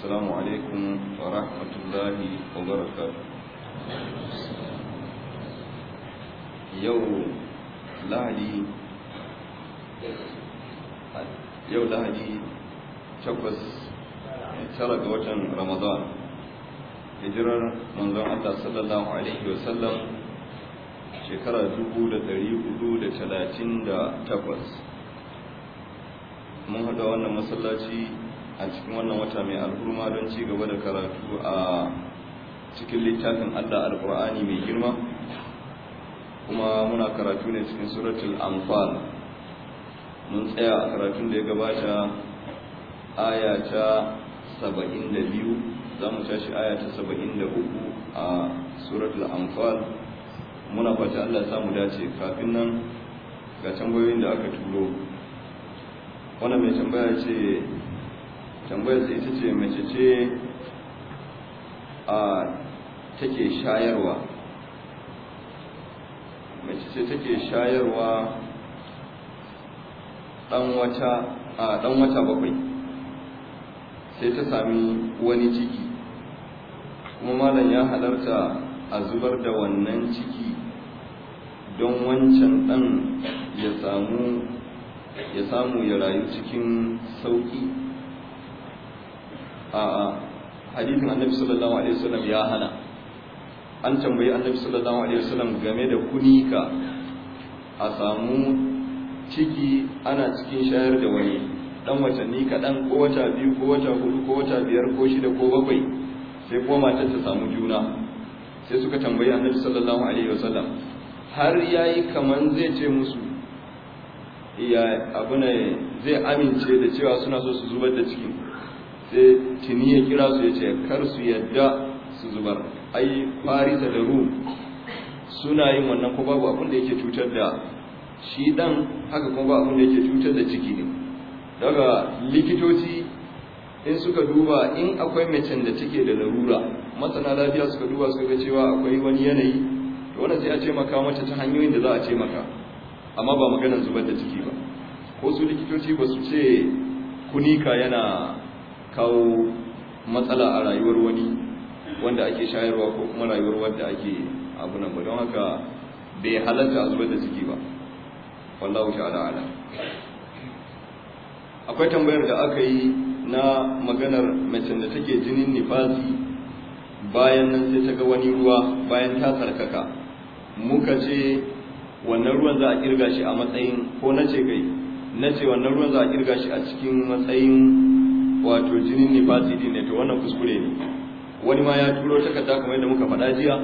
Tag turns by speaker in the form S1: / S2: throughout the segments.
S1: السلام عليكم ورحمة الله وبركاته يوم لهدي يوم لهدي تقص ترك وطن رمضان hijirar manzon Allah sallallahu alaihi wasallam shekara 1438 mun haɗa wannan masallaci a cikin wannan wata mai alhurma don ci gaba da karatu a cikin littafin Allah alkur'ani mai girma kuma muna karatu ne cikin suratul anfal mun tsaya a karatun da ya gabata aya ta 72 za mu tashi aya ta 73 a suratul anfal muna fata Allah ya mu dace kafin nan ga tambayoyin da aka turo wannan mai tambaya ce tambayar sai ita ce mace ce a take shayarwa mace ce take shayarwa dan wata a dan wata bakwai sai ta sami wani ciki kuma malam ya halarta a zubar da wannan ciki don wancan dan ya samu ya samu ya rayu cikin sauki a hadisin annabi sallallahu alaihi wasallam ya hana an tambayi annabi sallallahu alaihi wasallam game da kunika a samu ciki ana cikin shayar da wani dan watanni kaɗan ko wata biyu ko wata hudu ko wata biyar ko shida ko bakwai sai kuma matar ta samu juna sai suka tambayi annabi sallallahu alaihi wasallam har yayi kaman zai ce musu iya abu ne zai amince da cewa suna so su zubar da cikin sai tuni ya kira su ya ce kar su yadda su zubar ai farisa da rum suna yin wannan ko babu abin da yake cutar da shi dan haka kuma ba abin da yake cutar da ciki ne daga likitoci in suka duba in akwai macen da take da larura masana lafiya suka duba suka ga cewa akwai wani yanayi to wannan sai a ce maka mata ta hanyoyin da za a ce maka amma ba maganar zubar da ciki ba ko su likitoci ba su ce kunika yana kawo matsala a rayuwar wani wanda ake shayarwa ko kuma rayuwar wanda ake abu nan ba don haka bai halatta a zubar da ciki ba wallahu sha ala akwai tambayar da aka yi na maganar mace da take jinin nifasi bayan nan sai ta ga wani ruwa bayan ta tsarkaka muka ce wannan ruwan za a kirga shi a matsayin ko na ce kai na ce wannan ruwan za a kirga shi a cikin matsayin wato jinin ne yi ne to wannan kuskure ne wani ma ya turo takarda kamar yadda muka faɗa jiya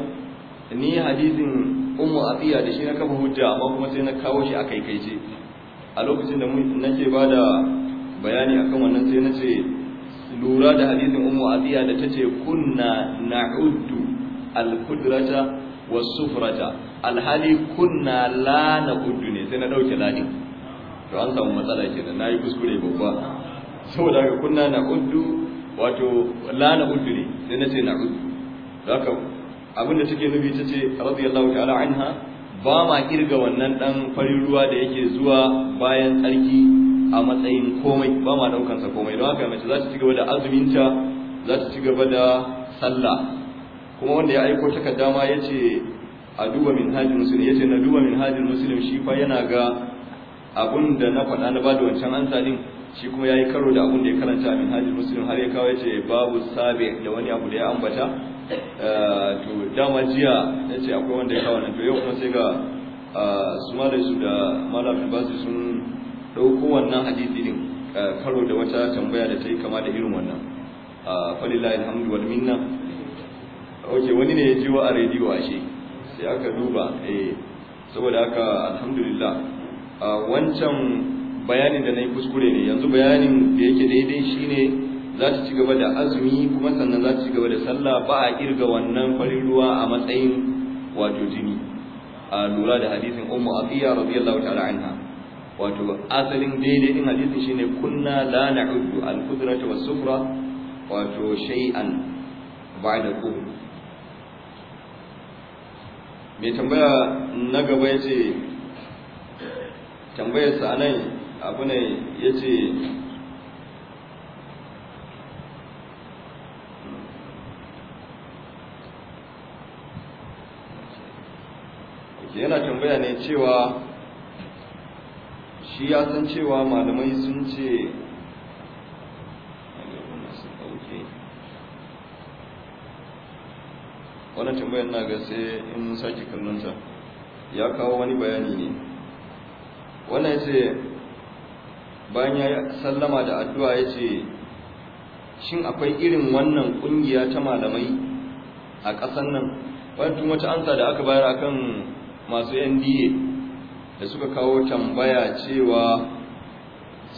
S1: ni hadisin ummu atiya da shi na kafa hujja amma kuma sai na kawo shi a ce. a lokacin da nake ba da bayani akan wannan sai na ce lura da hadisin ummu atiya da ta ce kunna na'uddu al-kudrata was-sufrata alhali kunna la na'uddu ne sai na dauke lani to an samu matsala kenan nayi kuskure babba saboda ga kunna na uddu wato la na uddu ne sai na ce na uddu haka abinda take nufi ta ce radiyallahu ta'ala anha ba ma kirga wannan dan farin ruwa da yake zuwa bayan tsarki a matsayin komai ba ma daukan sa komai don haka mace za ta ci gaba da azuminta za ta ci gaba da sallah kuma wanda ya aiko ta ma yace a duba minhajul muslim yace na duba hajjin musulmi shi fa yana ga abun da na faɗa na bada wancan ansa din shi kuma yi karo da abun da ya karanta min hajji muslim har ya kawo ce babu sabi da wani abu da ya ambata eh, to dama jiya yace akwai wanda ya kawo nan to yau kuma sai ga eh, su ma da su da malam basu sun dauko wannan hadisi din eh, karo da wata tambaya da ta yi kama da irin wannan falilahi alhamdu wal minna ok wani ne ya ji wa a rediyo ashe sai aka duba eh saboda haka alhamdulillah wancan bayanin da na yi kuskure ne yanzu bayanin da yake daidai shine za ta ci gaba da azumi kuma sannan za ta ci gaba da sallah ba a kirga wannan farin ruwa a matsayin wato jini a lura da hadisin ummu atiya radiyallahu ta'ala anha wato asalin daidai din hadisin shine kunna la na'uddu al-qudrata was-sufra wato shay'an ba'da kuhu mai tambaya na gaba ya ce tambayarsa a nan abu ne ya ce yana tambaya ne cewa shi ya san cewa malamai sun ce wannan tambayar na ga sai in sake kallonta ya kawo wani bayani ne wannan ya ce bayan ya sallama da addu'a ya ce shin akwai irin wannan ƙungiya ta malamai a ƙasan nan wani wata ansa da aka bayar akan masu nda da suka kawo tambaya cewa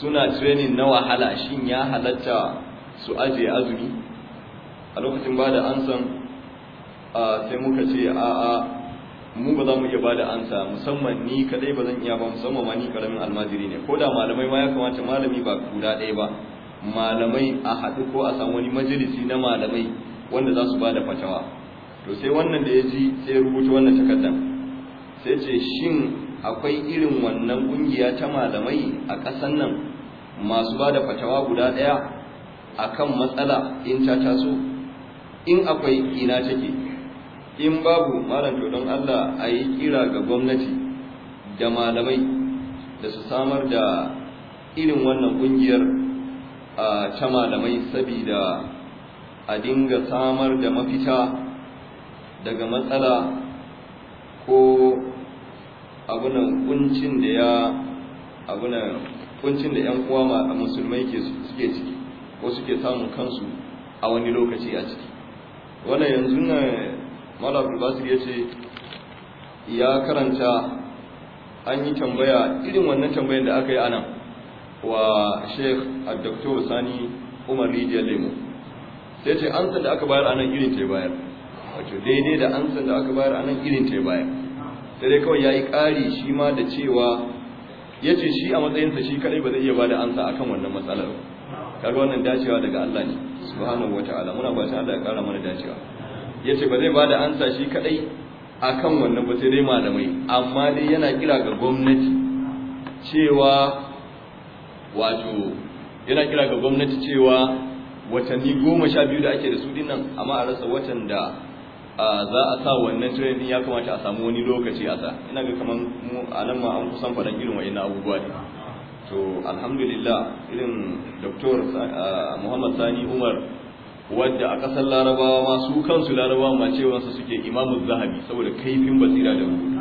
S1: suna training na wahala shin ya halatta su ajiye azumi a lokacin ba da ansan sai muka ce a'a mu ba za mu iya bada ansa musamman ni kadai ba zan iya ba musamman ma ni karamin almajiri ne ko da malamai ma ya kamata malami ba guda ɗaya ba malamai a haɗu ko a samu wani majalisi na malamai wanda za su ba da fatawa to sai wannan da ya ji sai ya rubuta wannan takardar sai ce shin akwai irin wannan ƙungiya ta malamai a ƙasar nan masu ba da fatawa guda ɗaya akan matsala in ta taso in akwai ina take in babu malam to don Allah a yi kira ga gwamnati da malamai da su samar da irin wannan kungiyar ta malamai saboda a dinga samar da mafita daga matsala ko abunan kuncin da ya abunan kuncin da 'yan uwa musulmai suke ciki ko suke samun kansu a wani lokaci a ciki
S2: wannan yanzu na
S1: mala abdulbasir ya ce ya karanta an yi tambaya irin wannan tambayar da aka yi anan wa sheikh abdoktor sani umar rijiyar lemo sai ce san da aka bayar anan irin ta bayar wato daidai da san da aka bayar anan irin ta bayar sai dai kawai ya yi ƙari shi ma da cewa ya ce shi a matsayinsa shi kadai ba zai iya ba da ansa akan wannan matsalar kaga wannan dacewa daga Allah ne subhanahu wataala muna ba Allah ya ƙara mana dacewa ya ce ba zai ba da ansa shi kadai a kan wannan ba sai dai malamai amma dai yana kira ga gwamnati cewa wato yana kira ga gwamnati cewa watanni goma sha biyu da ake da su dinnan amma a rasa watan da za a sa wannan training ya kamata a samu wani lokaci a sa ina ga kamar mu a nan ma an kusan faɗan irin ina abubuwa ne to alhamdulillah irin doktor muhammad sani umar wadda a ƙasar larabawa ma su kansu larabawa ma cewansa suke imamu zahabi saboda kaifin basira da rubutu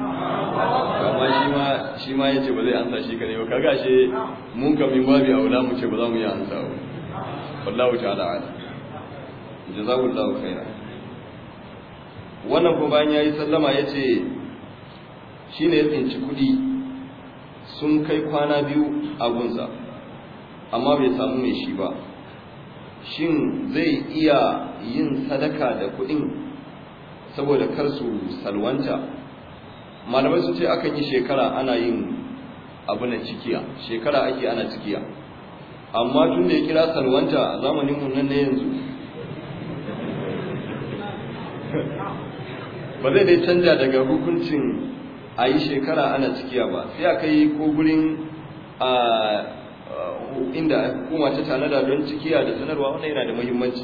S1: amma shi ma ya ce ba zai ansa shi kare ba kaga shi mun kamin babi a wula mu ce ba za mu yi ansa ba wallahu ta'ala ala jazakumullahu khaira wannan kuma bayan yayi sallama yace shine ya tsinci kuɗi sun kai kwana biyu a gunsa amma bai samu mai shi ba shin zai iya yin sadaka da kuɗin saboda kar su salwanta malamai sun ce akan yi shekara ana yin abu na cikiya shekara ake ana cikiya amma tun da ya kira salwanta a zamanin mu nan na yanzu ba zai dai canja daga hukuncin a yi shekara ana cikiya ba sai a kai ko gurin a inda hukuma ta tanada don cikiya da sanarwa wannan yana da muhimmanci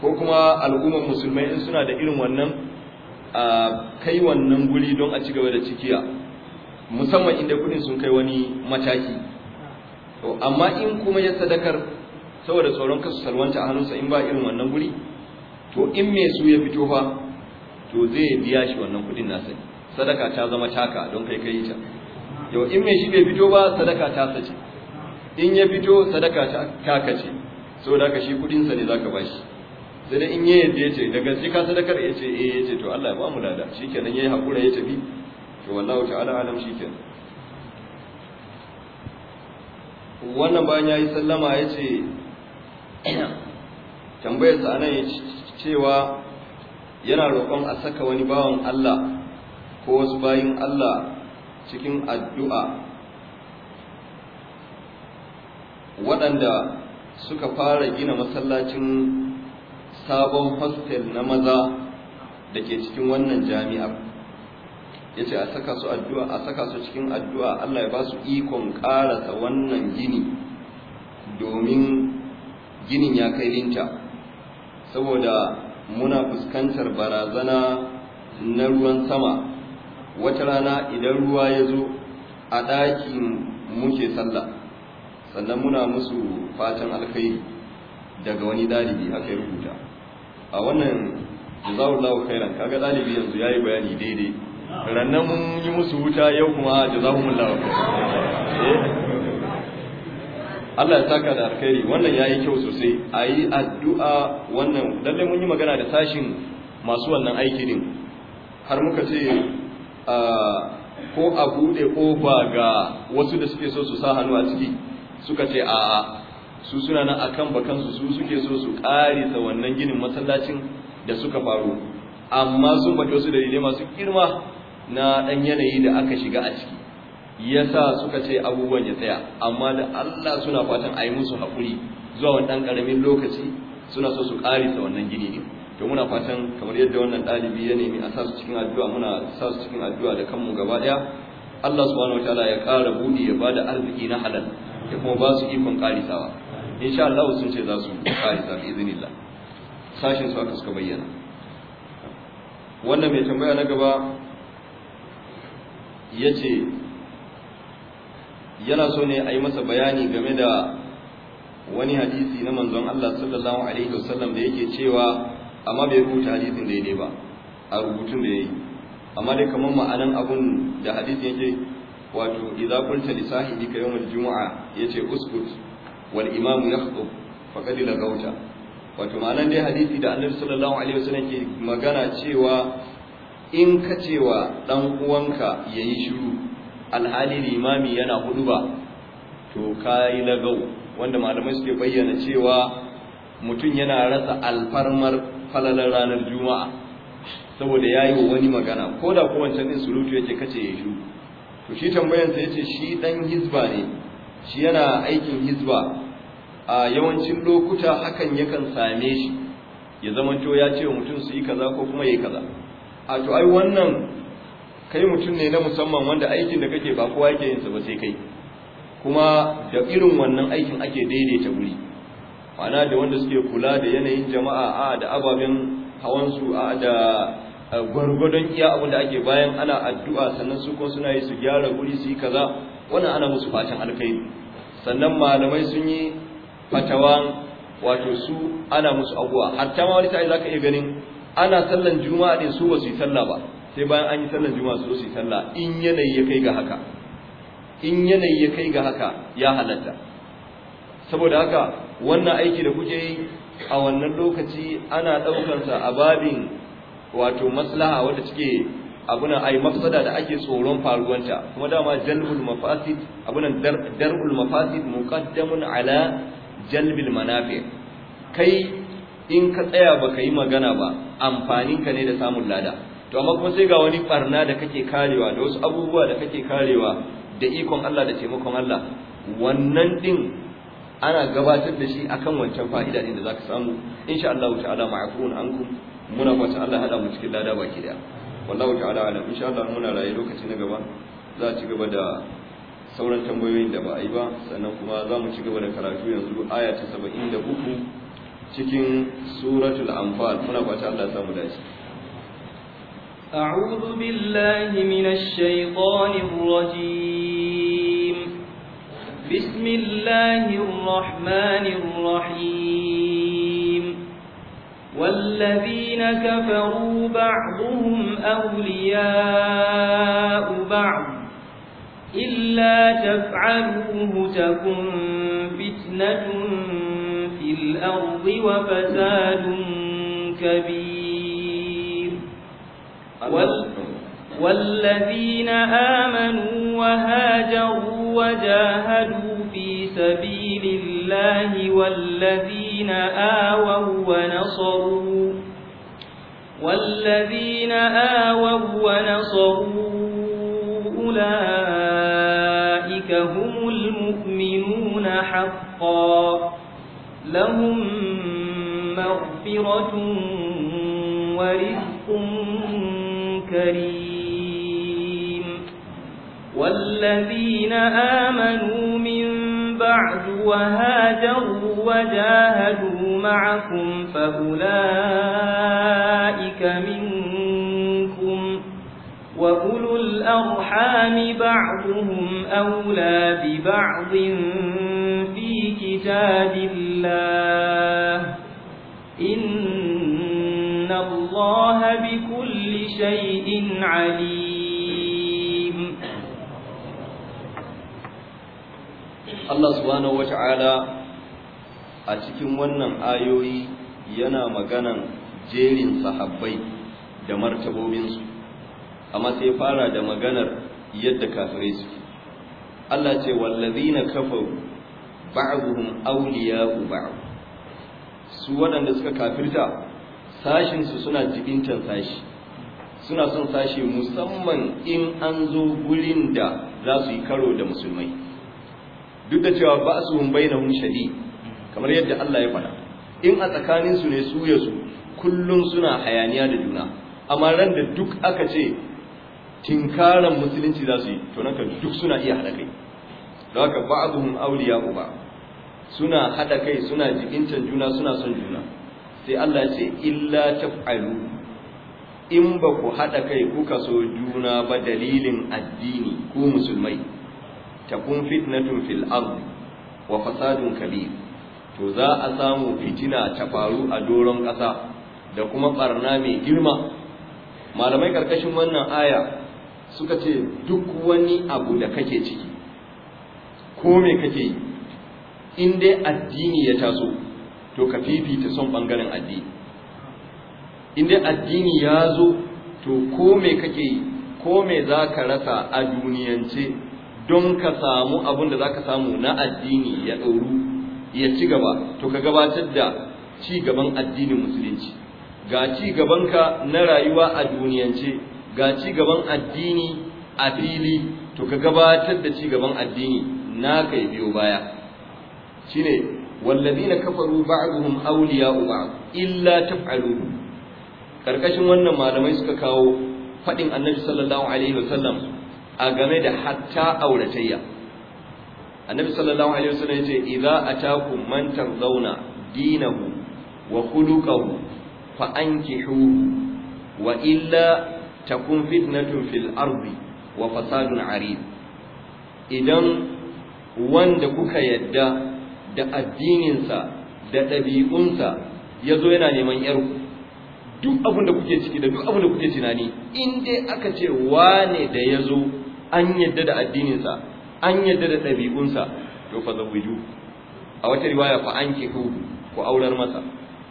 S1: ko kuma al'ummar musulmai in suna da irin wannan a kai wannan guri don a ci gaba da cikiya musamman inda kudin sun kai wani mataki to amma in kuma ya sadakar saboda tsoron kasu salwanta a hannunsa in ba irin wannan guri to in me su ya fito fa to zai biya shi wannan kudin nasa sadaka ta zama taka don kai kai ta yau in me shi bai fito ba sadaka ta sace in ya fito sadaka ta kace da ka shi kudin sa ne zaka bashi sai dai in ya yadda ce da gaske ka sadakar ce eh ce, to Allah ya ba mu lada shikenan yayi hakura ya tafi to wallahu ta'ala alam shikenan wannan bayan yayi sallama ya ce. tambayar sa anan cewa yana roƙon a saka wani bawan Allah ko wasu bayin Allah cikin addu'a waɗanda suka fara gina masallacin sabon hostel na maza da ke cikin wannan jami'ar ya ce a saka su cikin addu'a Allah ya ba su ikon ƙarasa wannan gini domin ginin ya kai linta saboda muna fuskantar barazana na ruwan sama wata rana idan ruwa ya zo a ɗakin muke sallah sannan muna musu fatan alkai daga wani dalibi a kai rubuta a wannan jazawullahu khairan kaga dalibi yanzu yayi bayani daidai rannan mun yi musu wuta yau kuma jazahumullahu
S3: khairan eh?
S1: Allah ya saka da alkhairi wannan yayi kyau sosai ayi addu'a wannan lalle mun yi magana da sashin masu wannan aiki din har muka ce ah, ko a bude kofa ga wasu da suke so su sa hannu a ciki suka ce a'a su suna nan akan bakansu su suke so su karisa wannan ginin masallacin da suka faru amma sun baki wasu dalilai masu girma na ɗan yanayi da aka shiga a ciki yasa suka ce abubuwan ya tsaya amma da Allah suna fatan a yi musu haƙuri zuwa wani ɗan ƙaramin lokaci suna so su ƙarisa wannan gini ne to muna fatan kamar yadda wannan ɗalibi ya nemi a sa su cikin addu'a muna sa su cikin addu'a da kanmu gaba ɗaya Allah subhanahu wataala ya ƙara buɗe ya bada arziki na halal ya kuma ba su ikon karisawa sha Allah sun ce za su karisa bi iznillah sashin su aka suka bayyana wannan mai tambaya na gaba ce yana so ne a yi masa bayani game da wani hadisi na manzon Allah sallallahu alaihi wasallam da yake cewa amma bai rubuta hadisin daidai ba a rubutun da ya yi amma dai kamar ma'anan abun da hadisi yake wato idza qulta li sahibika yawm al-jumu'a yace uskut wal imam yakhutub faqad gauta wato ma'anar dai hadisi da Annabi sallallahu alaihi wasallam ke magana cewa in ka cewa dan uwanka yayi shiru alhali limami yana huduba to kai gau wanda malamai suke bayyana cewa mutum yana rasa alfarmar falalar ranar juma'a saboda yayi wani magana ko da kowace din surutu yake kace yayi shiru to shi tambayan ya ce shi ɗan hizba ne shi yana aikin hizba a yawancin lokuta hakan yakan same shi ya zama zamanto ya ce wa mutum su yi kaza ko kuma yayi kaza a to ai wannan kai mutum ne na musamman wanda aikin da kake ba kowa yake yinsa ba sai kai kuma da irin wannan aikin ake daidaita guri ma'ana da wanda suke kula da yanayin jama'a a da ababen su a da gwargwadon iya abin da ake bayan ana addu'a sannan su kuma suna yi su gyara guri su yi kaza wannan ana musu fatan alkhairi sannan malamai sun yi fatawan wato su ana musu abuwa hatta ma wani za ka iya ganin ana sallan juma'a din su ba su yi talla ba sai bayan an yi sallan juma'a su su yi sallah in yanayi ya kai ga haka in yanayi ya kai ga haka ya halatta saboda haka wannan aiki da kuke yi a wannan lokaci ana ɗaukarsa a babin wato maslaha wanda take abunan ai mafsada da ake tsoron faruwanta kuma dama jalbul mafasid abunan dar'ul mafasid muqaddamun ala jalbil manafi kai in ka tsaya baka yi magana ba amfanin ka ne da samun lada to amma kuma sai ga wani barna da kake karewa da wasu abubuwa da kake karewa da ikon Allah da taimakon Allah wannan din ana gabatar da shi akan wancan fa'ida din da zaka samu insha Allah ta'ala ma'afun ankum muna fata Allah hada mu cikin lada baki daya wallahu ta'ala alam insha Allah muna raye lokaci na gaba za a ci gaba da sauran tambayoyin da ba a yi ba sannan kuma za mu ci gaba da karatu yanzu aya ta 73 cikin suratul anfal muna fata Allah ya samu dace
S2: أعوذ بالله من الشيطان الرجيم بسم الله الرحمن الرحيم والذين كفروا بعضهم أولياء بعض إلا تفعلوه تكن فتنة في الأرض وفساد كبير والذين آمنوا وهاجروا وجاهدوا في سبيل الله والذين آووا ونصروا والذين آووا ونصروا أولئك هم المؤمنون حقا لهم مغفرة ورزق كريم والذين آمنوا من بعد وهاجروا وجاهدوا معكم فأولئك منكم وأولو الأرحام بعضهم أولى ببعض في كتاب الله إن الله بكل شيء عليم
S1: Allah subhanahu wata'ala a cikin wannan ayoyi yana maganan jerin sahabbai da martabobinsu amma sai fara da maganar yadda kafirai su. Allah ce wallazina kafaru ba'dhum awliya'u ba'd su waɗanda suka kafirta sashinsu suna jibintan sashi suna son sashi musamman in an zo gurin da za su yi karo da musulmai duk da cewa ba su hun bai na shadi kamar yadda Allah ya faɗa in a tsakaninsu ne su ya su kullum suna hayaniya da juna amma ran da duk aka ce tinkaran musulunci za su yi to nan duk suna iya haɗa kai don haka ba'dhum awliya uba suna haɗa kai suna jikincin juna suna son juna sai Allah ya ce illa taf'alu in ba ku haɗa kai kuka so juna ba dalilin addini ku musulmai takun fitnatun fil ardi wa fasadun kabir to za a samu fitina ta faru a doron ƙasa da kuma barna mai girma malamai karkashin wannan aya suka ce duk wani abu da kake ciki ko me kake yi in dai addini ya taso to ka fifita son bangaren addini in dai addini ya zo to ko me kake yi ko me za ka rasa a duniyance don ka samu abin da za ka samu na addini ya ɗauru ya ci gaba to ka gabatar da ci gaban addinin musulunci ga ci gabanka na rayuwa a duniyance ga ci gaban addini a fili to ka gabatar da ci gaban addini na kai biyo baya shine na kafaru ba'dhum auliya uba illa taf'alu Ƙarƙashin wannan malamai suka kawo faɗin annabi sallallahu alaihi wasallam a game da hatta auratayya annabi sallallahu alaihi wasallam yace idza atakum man tarzauna dinahu wa khuluquhu fa ankihu, wa illa takun fitnatun fil ardi wa fasadun arid idan wanda kuka yadda da addininsa da ɗabi'unsa ya zo yana neman yarku duk abin da kuke ciki da duk abin da kuke tunani in dai aka ce wane da ya zo an yadda da addininsa an yadda da ɗabi'unsa to fa zawiju a wata riwaya fa an kihu ku aurar masa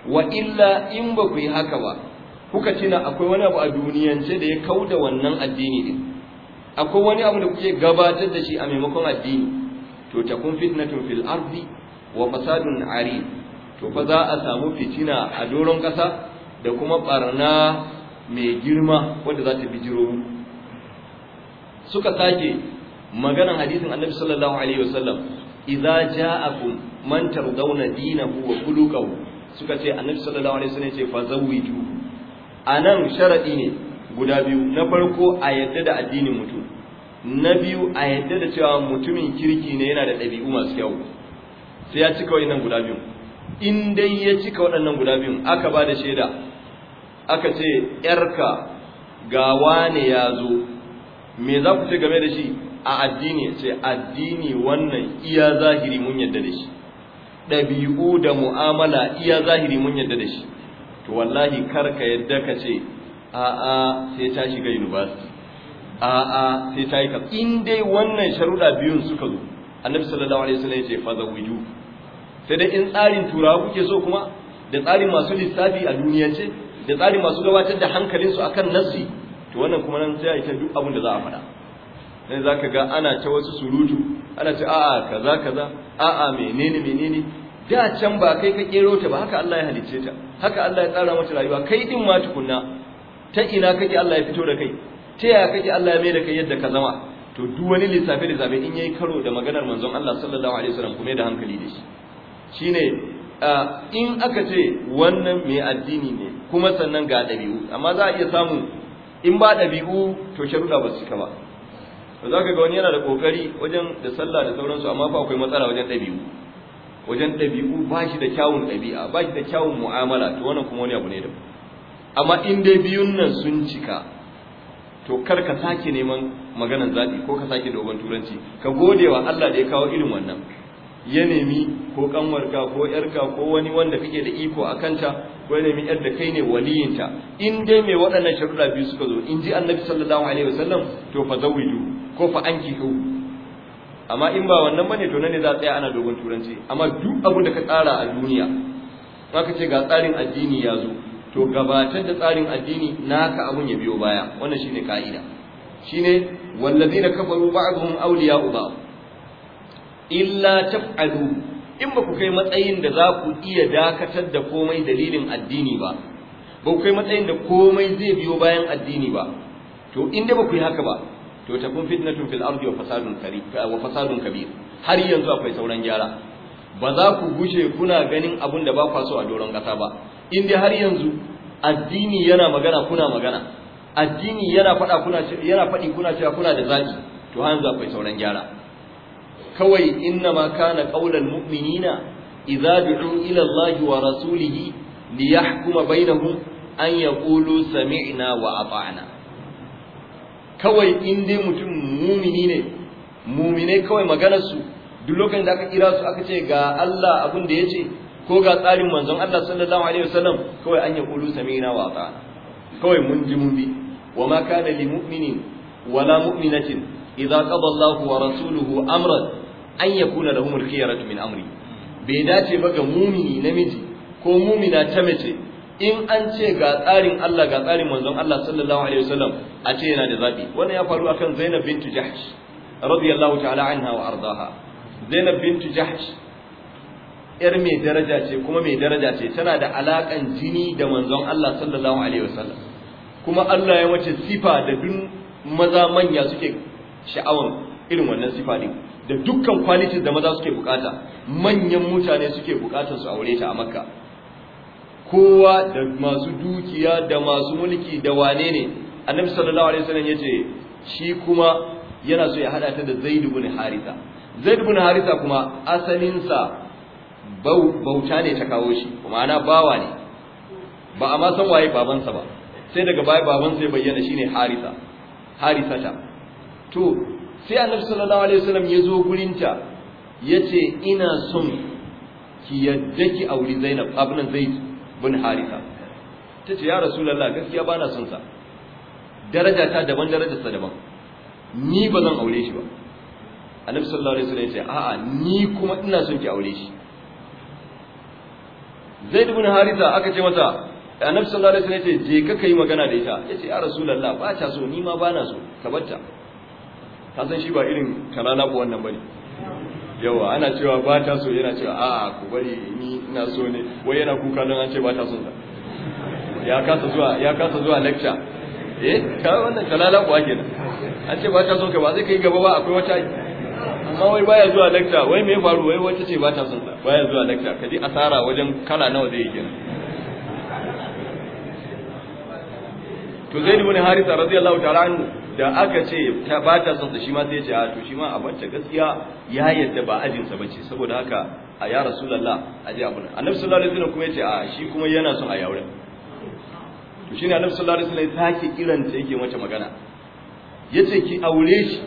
S1: wa illa in ba ku yi haka ba kuka cina akwai wani abu a duniyance da ya kauda wannan addini din akwai wani abu da kuke gabatar da shi a maimakon addini to ta kun fitnatun fil ardi wa fasadun ari to fa za a samu fitina a doron ƙasa da kuma barna mai girma wanda za ta bijiro suka sake maganan hadisin annabi sallallahu alaihi wasallam idza ja'akum man tardawna dinahu wa khuluquhu suka ce annabi sallallahu alaihi wasallam ce fa zawwiju anan sharadi ne guda biyu na farko a yadda da addinin mutum na biyu a yadda da cewa mutumin kirki ne yana da ɗabi'u masu kyau sai ya cika waɗannan guda biyu in dai ya cika waɗannan guda biyu aka ba da shaida aka ce yarka gawa ne ya zo me za ku ce game da shi a addini ce addini wannan iya zahiri mun yadda da shi ɗabi'u da mu'amala iya zahiri mun yadda da shi to wallahi kar ka yadda ka ce a'a sai ta shiga university a'a sai ta yi kafa. in dai wannan sharuɗa biyun suka zo annabi sallallahu alaihi wasallam yace ce fa zawiju sai dai in tsarin turawa kuke so kuma da tsarin masu lissafi a ce da tsarin masu gabatar da hankalinsu akan nassi to wannan kuma nan sai a yi ta duk abin da za a faɗa dan za ka ga ana ta wasu surutu ana ce a'a kaza kaza a'a menene menene da can ba kai ka kero ta ba haka Allah ya halicce ta haka Allah ya tsara mata rayuwa kai din ma tukunna ta ina kake Allah ya fito da kai ta yaya kake Allah ya mai da kai yadda ka zama to duk wani da zabe in yayi karo da maganar manzon Allah sallallahu alaihi wasallam kuma da hankali da shi shine in aka ce wannan mai addini ne kuma sannan ga dabi'u amma za a iya samun. in ba ɗabi'u to sharuɗa ba su kama to za ka ga wani yana da ƙoƙari wajen da sallah da sauransu amma fa akwai matsala wajen ɗabi'u wajen ɗabi'u ba shi da kyawun ɗabi'a ba shi da kyawun mu'amala to wannan kuma wani abu ne da amma in dai biyun nan sun cika to kar ka sake neman maganan zaɓi ko ka sake dogon turanci ka gode wa Allah da ya kawo irin wannan ya nemi ko kanwarka ko yarka ko wani wanda kake da iko a kanta ko ya nemi yar da kai ne waliyinta in dai mai waɗannan sharuɗa biyu suka zo in ji annabi sallallahu alaihi wasallam to fa zawidu ko fa ku? amma in ba wannan bane to ne za a tsaya ana dogon turanci amma duk abin da ka tsara a duniya ka ce ga tsarin addini ya zo to gabatar da tsarin addini naka abun ya biyo baya wannan shine ka'ida shine wallazina kafaru ba'dhum awliya'u ba'd illa taf'alu in ba ku kai matsayin da za ku iya dakatar da komai dalilin addini ba ba ku kai matsayin da komai zai biyo bayan addini ba to in dai ba ku yi haka ba to kun fitnatun fil ardi wa fasadun wa fasadun kabir har yanzu akwai sauran gyara ba za ku gushe kuna ganin abun da ba kwa so a doron kasa ba in dai har yanzu addini yana magana kuna magana addini yana faɗa kuna yana faɗi kuna cewa kuna da zaki to har yanzu akwai sauran gyara kawai innama kana qaulal mu'minina idza du'u ila Allahi wa rasulihi yahkuma bainahum an yaqulu sami'na wa ata'na kawai in dai mutum mumini ne mumine kawai maganar su duk lokacin da aka kira su aka ce ga Allah abin da yace ko ga tsarin manzon Allah sallallahu alaihi wasallam kawai an yaqulu sami'na wa ata'na kawai mun ji mun bi wa ma kana lil mu'minin wala mu'minatin idza qada Allahu wa rasuluhu amran an yakuna lahumul khiyaratu min amri bai dace ba ga mumi namiji ko mumina ta mace in an ce ga tsarin Allah ga tsarin manzon Allah sallallahu alaihi wasallam a ce yana da zabi wannan ya faru akan Zainab bintu Jahsh radiyallahu ta'ala anha wa ardaha Zainab bintu Jahsh yar mai daraja ce kuma mai daraja ce tana da alakan jini da manzon Allah sallallahu alaihi wasallam kuma Allah ya wace sifa da duk maza manya suke sha'awar irin wannan sifa din da dukkan kwalitis da maza suke bukata manyan mutane suke bukatar su aure ta a makka kowa da masu dukiya da masu mulki da wane ne annabi sallallahu alaihi wasallam yace shi kuma yana so ya hada ta da zaid ibn haritha zaid ibn haritha kuma asalinsa bauta ne ta kawo shi kuma ma'ana bawa ne ba a ma san waye babansa ba sai daga baya babansa ya bayyana shine haritha ta to sai annabi sallallahu alaihi wasallam ya zo gurinta yace ina son ki yadda ki auri zainab abinan zaid bin harisa tace ce ya rasulullah gaskiya ba na son sa daraja ta daban ta daban ni ba zan aure shi ba annabi sallallahu alaihi wasallam yace a'a ni kuma ina son ki aure shi zaid bin harisa aka ce mata annabi sallallahu alaihi wasallam yace je ka kai magana da ita yace ya rasulullah ba ta so ni ma ba na so ka Kasan san shi ba irin kanana ko wannan bane yawa ana cewa ba ta so yana cewa a ku bari ni ina so ne wai yana kuka don an ce ba ta so ya kasa zuwa ya kasa zuwa lecture eh ka wannan kanana ku ake nan an ce ba ta so ka ba zai kai gaba ba akwai wata amma wai baya zuwa lecture wai me faru wai wata ce ba ta so baya zuwa lecture kaji asara wajen kala nawa zai yi kenan
S3: to zaid ibn harisa radiyallahu ta'ala
S1: anhu da aka ce ta ba ta son shi ma sai ce to shi ma abanta gaskiya ya yadda ba ajinsa bace saboda haka a ya rasulullah aje abun annabi sallallahu alaihi wasallam kuma yace a shi kuma yana son a yaure to shine annabi sallallahu alaihi wasallam ya kiran ta yake mace magana yace ki aure shi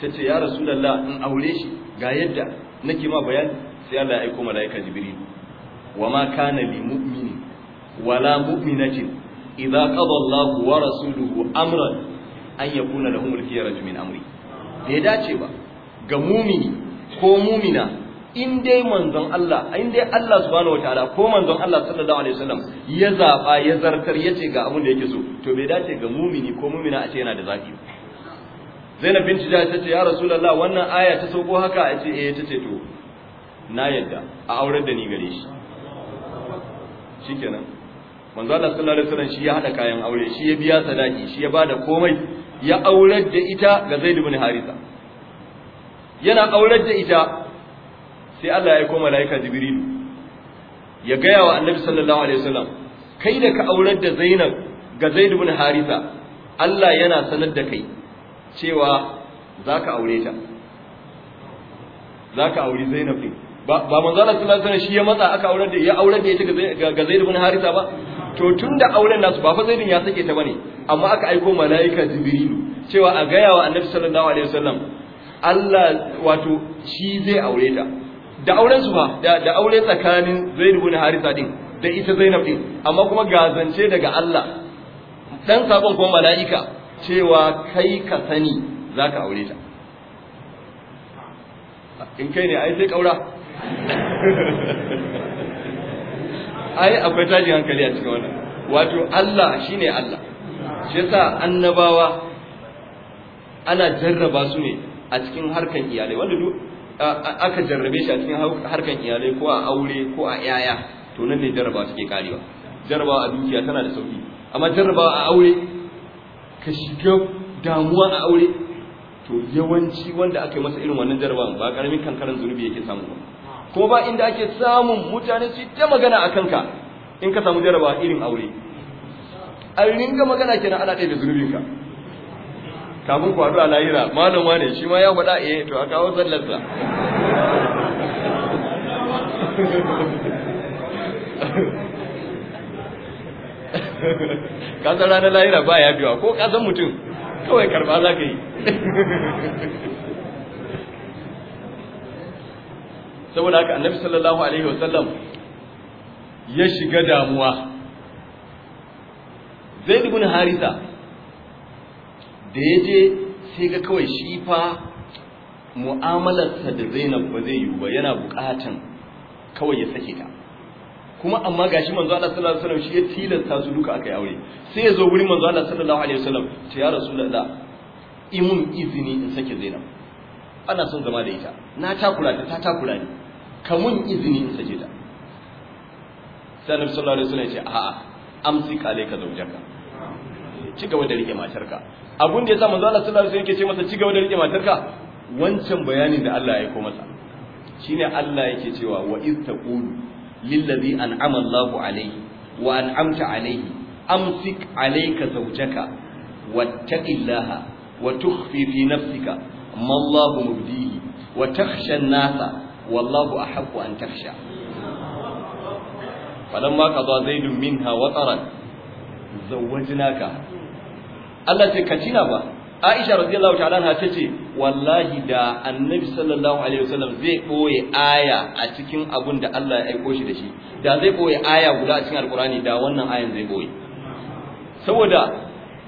S1: tace ya rasulullah in aure shi ga yadda nake ma bayani sai Allah ya aika malaika jibril wa ma kana li mu'minin wala mu'minatin idza qada Allahu wa rasuluhu amran an yakuna lahum al-khiyaratu min amri bai dace ba ga mumini ko mumina in dai manzon Allah in dai Allah subhanahu wataala ko manzon Allah sallallahu alaihi wasallam ya zaba ya zartar yace ga abin da yake so to bai dace ga mumini ko mumina a ce yana da zaki Zainab binti Jahsh tace ya Rasulullah wannan aya ta sauko haka a ce eh tace to na yadda a aurar da ni gare shi shikenan manzo Allah sallallahu alaihi wasallam shi ya hada kayan aure shi ya biya sadaki shi ya bada komai ya aurar da ita ga Zaid ibn Haritha yana aurar da ita sai Allah ya koma malaika Jibril ya gaya wa Annabi sallallahu alaihi wasallam kai da ka aurar da Zainab ga Zaid ibn Haritha Allah yana sanar da kai cewa zaka aure ta zaka aure Zainab ne ba manzo Allah sallallahu alaihi wasallam shi ya matsa aka aurar da ya aurar da ita ga Zaid ibn Haritha ba to tun da auren nasu ba fa zaidin ya sake ta bane amma aka aiko mala'ika jibrilu cewa a gaya wa annabi sallallahu alaihi wasallam Allah wato shi zai aure ta da auren su fa da aure tsakanin zaid ibn harisa din da ita zainab din amma kuma gazance daga Allah dan sabon kuma mala'ika cewa kai ka sani zaka aure ta in kai ne ai sai kaura ai akwai tajin hankali a cikin wannan wato Allah shine Allah shi yasa annabawa ana jarraba su ne a cikin harkan iyalai wanda duk aka jarrabe shi a cikin harkan iyalai ko a aure ko a yaya to nan ne jarraba ke karewa jarraba a dukiya tana da sauki amma jarraba a aure ka shiga damuwa a aure to yawanci wanda aka yi masa irin wannan jarraba ba karamin kankaran zunubi yake samu ba ko ba inda ake samun mutane su ta magana a kanka in ka samu jaraba irin aure a ringa magana kenan ana ɗaya da zunubinka kafin ku a lahira malama ne shi ma ya faɗa eh to a kawo sallarsa kasan ranar lahira ba ya biyuwa ko kasan mutum kawai karba za ka yi saboda haka annabi sallallahu alaihi wasallam ya shiga damuwa zaid ibn harisa da yaje sai ga kawai shi fa mu'amalarsa da zainab ba zai yiwu ba yana bukatan kawai ya sake ta kuma amma gashi manzo Allah sallallahu alaihi wasallam shi ya tilasta su duka akai aure sai ya zo wurin manzo Allah sallallahu alaihi wasallam ce ya rasulullah imun izini in sake zainab ana son zama da ita na takura ta ta takura ni kamun izini in sajida sai annabi sallallahu alaihi wasallam ya ce a'a amsik alayka zawjaka ci gaba da rike matarka abun da yasa manzo Allah sallallahu alaihi wasallam yake ce masa ci gaba da rike matarka wancan bayanin da Allah ya aika masa shine Allah yake cewa wa iz taqulu lillazi an'ama Allahu alayhi wa an'amta alayhi amsik alayka zawjaka wattaqillaha wa tukhfi fi nafsika ma Allahu mubdihi wa takhsha an-nasa wallahu ahaqqu an takhsha falamma qada zaidun minha wataran zawwajnaka Allah ce ka cina ba Aisha radiyallahu ta'ala ce ce. wallahi da Annabi sallallahu alaihi wasallam zai ɓoye aya a cikin abun da Allah ya aiko shi da shi da zai ɓoye aya guda a cikin alkurani da wannan ayan zai ɓoye. saboda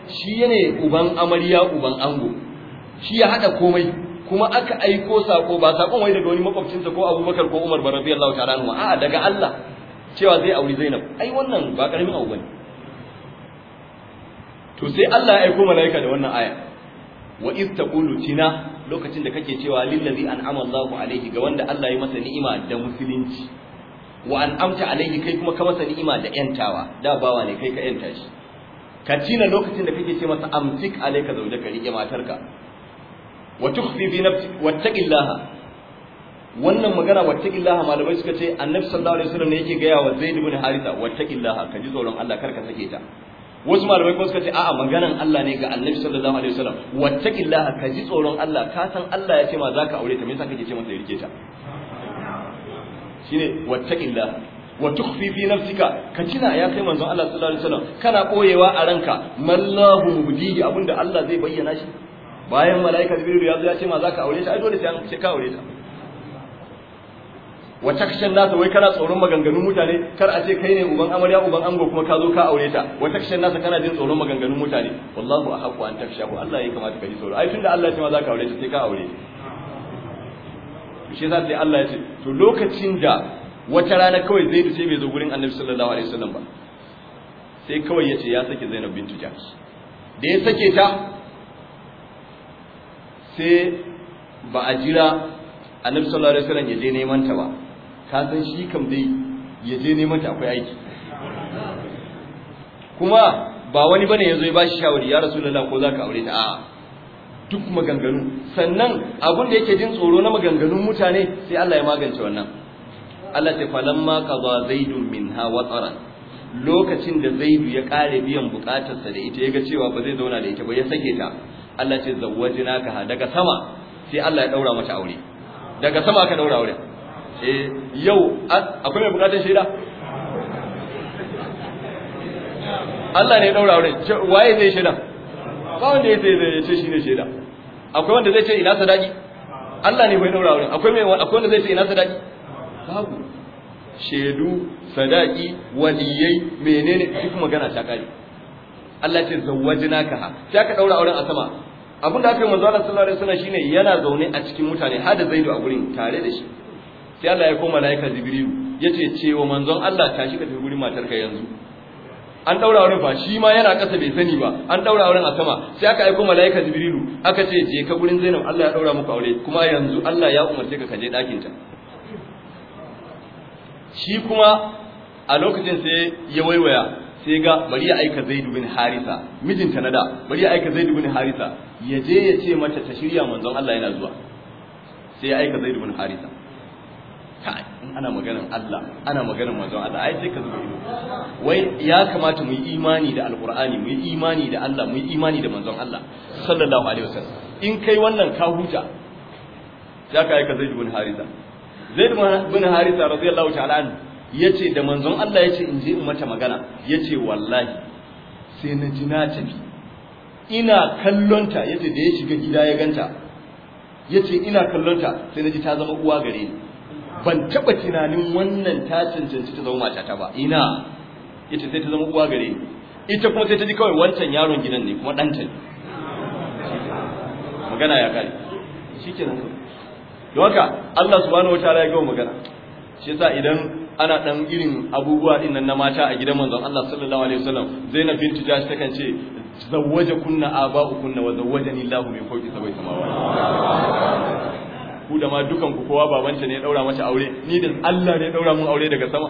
S1: shi yana uban amarya uban ango shi ya hada komai kuma aka aiko sako ba sakon wai daga wani makwabcinsa ko Abubakar ko Umar ba radiyallahu ta'ala anhu a'a daga Allah cewa zai auri Zainab ai wannan ba karamin abu bane to sai Allah ya aiko malaika da wannan aya wa iz taqulu tina lokacin da kake cewa lillazi an'ama Allahu alayhi ga wanda Allah ya masa ni'ima da musulunci wa an'amta alayhi kai kuma ka masa ni'ima da yantawa da bawa ne kai ka yanta shi ka tina lokacin da kake ce masa amsik alayka zaujaka rike matarka wa tukhfi bi nafsi wattaqillaha wannan magana wattaqillaha malamai suka ce annabi sallallahu alaihi wasallam ne yake gaya wa zaid ibn haritha wattaqillaha ka ji tsoron Allah karka sake ta wasu malamai kuma suka ce a'a maganan Allah ne ga annabi sallallahu alaihi wasallam wattaqillaha ka ji tsoron Allah ka san Allah ya ce ma zaka aure ta me yasa kake ce masa ya ta shine wattaqillaha wa tukhfi bi nafsika ka tuna ya kai manzon Allah sallallahu alaihi wasallam kana koyewa a ranka mallahu mubdi abinda Allah zai bayyana shi bayan mala'ika jibril ya zo ya ce ma zaka aure ta ai dole sai an ce ka aure ta wata kishin nasa wai kana tsoron maganganun mutane kar a ce kai ne uban amarya uban ango kuma ka zo ka aure ta wata kishin nasa kana jin tsoron maganganun mutane wallahu ahqqu an takshahu Allah ya kamata ka ji tsoro ai tunda Allah ya ce ma zaka aure ta sai ka aure shi yasa sai Allah ya ce to lokacin da wata rana kawai zai ce bai zo gurin Annabi sallallahu alaihi wasallam ba sai kawai ya ce ya sake Zainab bintu Jahsh da ya sake ta sai ba a jira annabi sallallahu alaihi wasallam ya je neman ta ba ka shi kam dai ya je neman ta akwai aiki kuma ba wani bane zo ya shi shawari ya rasulullah ko za ka aure ta A duk maganganu sannan abin da yake jin tsoro na maganganun mutane sai Allah ya magance wannan Allah ta falamma qada zaidun ha watsara lokacin da zaidu ya kare biyan bukatarsa da ita ya ga cewa ba zai zauna da ita ba ya sake ta Allah ce zawwajina ka daga sama sai Allah ya daura mata aure daga sama ka daura aure eh yau akwai mai bukatun shaida
S3: Allah ne ya daura aure waye
S1: zai shaida ba wanda ya zai ce shi ne shaida akwai wanda zai ce ina sadaki Allah ne bai daura aure akwai mai akwai wanda zai ce ina sadaki babu shaidu sadaki waliyai menene duk magana ta kare Allah ce ka ha sai aka daura auren a sama abin da aka yi manzo Allah sallallahu alaihi wasallam shine yana zaune a cikin mutane har da Zaidu a gurin tare da shi sai Allah ya koma malaika jibril yace ce wa manzon Allah tashi ka tafi gurin ka yanzu an daura auren ba shi ma yana kasa bai sani ba an daura auren a sama sai aka aiko malaika jibrilu aka ce je ka gurin zainab Allah ya daura muku aure kuma yanzu Allah ya umarce ka kaje dakin ta shi kuma a lokacin sai ya waiwaya sai ga bari ya aika zaidu bin Harisa mijinta na da bari ya aika zaidu bin Harisa ya je ya ce mata ta shirya manzon Allah yana zuwa sai ya aika zaidu bin Harisa kai in ana maganar Allah ana maganar manzon Allah ai sai ka zuba wai ya kamata mu yi imani da alqur'ani mu yi imani da Allah mu yi imani da manzon Allah sallallahu alaihi wasallam in kai wannan ka huta za ka aika zaidu bin Harisa zaidu bin Harisa radiyallahu ta'ala anhu yace da manzon Allah yace in je in mata magana yace wallahi sai na ji na tafi ina kallonta yace da ya shiga gida ya ganta yace ina kallonta sai na ji ta zama uwa gare ni ban taba tunanin wannan ta cancanci ta zama matata ba ina yace sai ta zama uwa gare ni ita kuma sai ta ji kawai wancan yaron gidan ne kuma ɗanta ne magana ya kare shikenan don haka Allah subhanahu wataala ya gawo magana shi yasa idan ana dan irin abubuwa din nan na mata a gidan manzon Allah sallallahu alaihi wasallam Zainab bintu Jahsh takan ce zawwaja kunna aba'u kunna wa zawwajani Allahu bi fawqi sabai samawa ku da ma dukan ku kowa babanta ne ya daura mace aure ni da Allah ne ya daura mun aure daga sama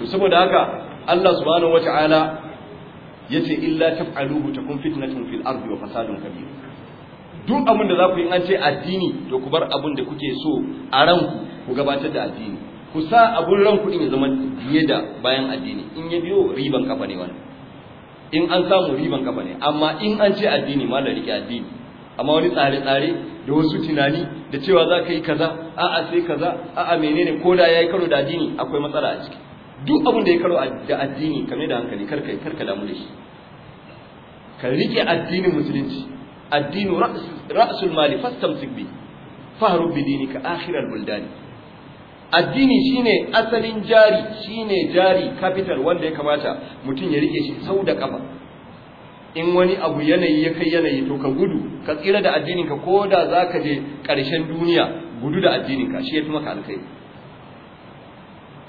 S1: to saboda haka Allah subhanahu wata'ala yace illa taf'aluhu takun fitnatun fil ardi wa fasadun kabir duk abin da za ku yi an ce addini to ku bar abin da kuke so a ranku ku gabatar da addini ku sa abin ranku din ya zama biye da bayan addini in ya biyo riban kafa ne wani. in an samu riban kafa ne amma in an ce addini ma da rike addini amma wani tsare-tsare da wasu tunani da cewa za ka yi kaza a'a sai kaza a'a menene ko da yayi karo da addini akwai matsala a ciki duk abin da ya karo da addini kame da hankali karka karka damu da shi ka rike addinin musulunci Addini ra'sul mali fastamsik bi fahru bi dinika akhiral buldani addini shine asalin jari shine jari capital wanda ya kamata mutum ya rike shi sau da kafa in wani abu yanayi ya kai yanayi to ka gudu ka tsira da addininka ko da za ka je ƙarshen duniya gudu da addininka shi ya fi maka alkai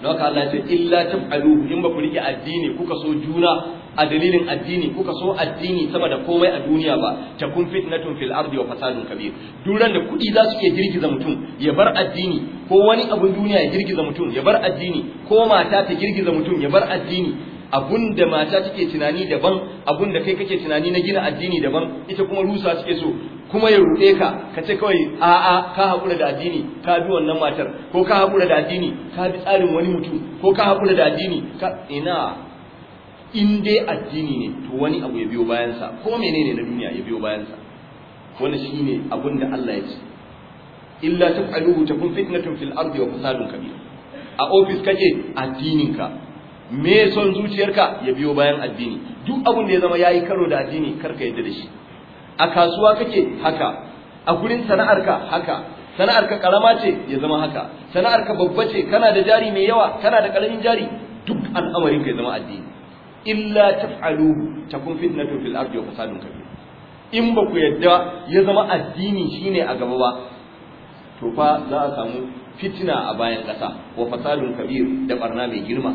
S1: don haka Allah ce illa taf'alu in ba ku rike addini kuka so juna a dalilin addini kuka so addini sama da komai a duniya ba ta kun fitnatun fil ardi wa fasadun kabir duran da kudi za su iya girgiza mutum ya bar addini ko wani abun duniya ya girgiza mutum ya bar addini ko mata ta girgiza mutum ya bar addini abun da mata take tunani daban abun da kai kake tunani na gina addini daban ita kuma rusa suke so kuma ya ruɗe ka ka ce kawai a'a ka haƙura da addini ka bi wannan matar ko ka haƙura da addini ka bi tsarin wani mutum ko ka haƙura da addini ka ina in dai addini ne to wani abu ya biyo bayansa ko menene na duniya ya biyo bayansa wani shine abun da Allah ya ce illa taf'aluhu takun fitnatun fil ardi wa fasadun kabir a office kake addininka me son zuciyarka ya biyo bayan addini duk abun da ya zama yayi karo da addini karka yadda da shi a kasuwa kake haka a gurin sana'arka haka sana'arka karama ce ya zama haka sana'arka babba ce kana da jari mai yawa kana da karamin jari duk al'amarin ka ya zama addini illa taf'aluhu takun fitnatun fil ardi wa fasadun kabir in ba ku yadda ya zama addini shine a gaba ba to fa za a samu fitina a bayan ƙasa wa fasadun kabir da barna mai girma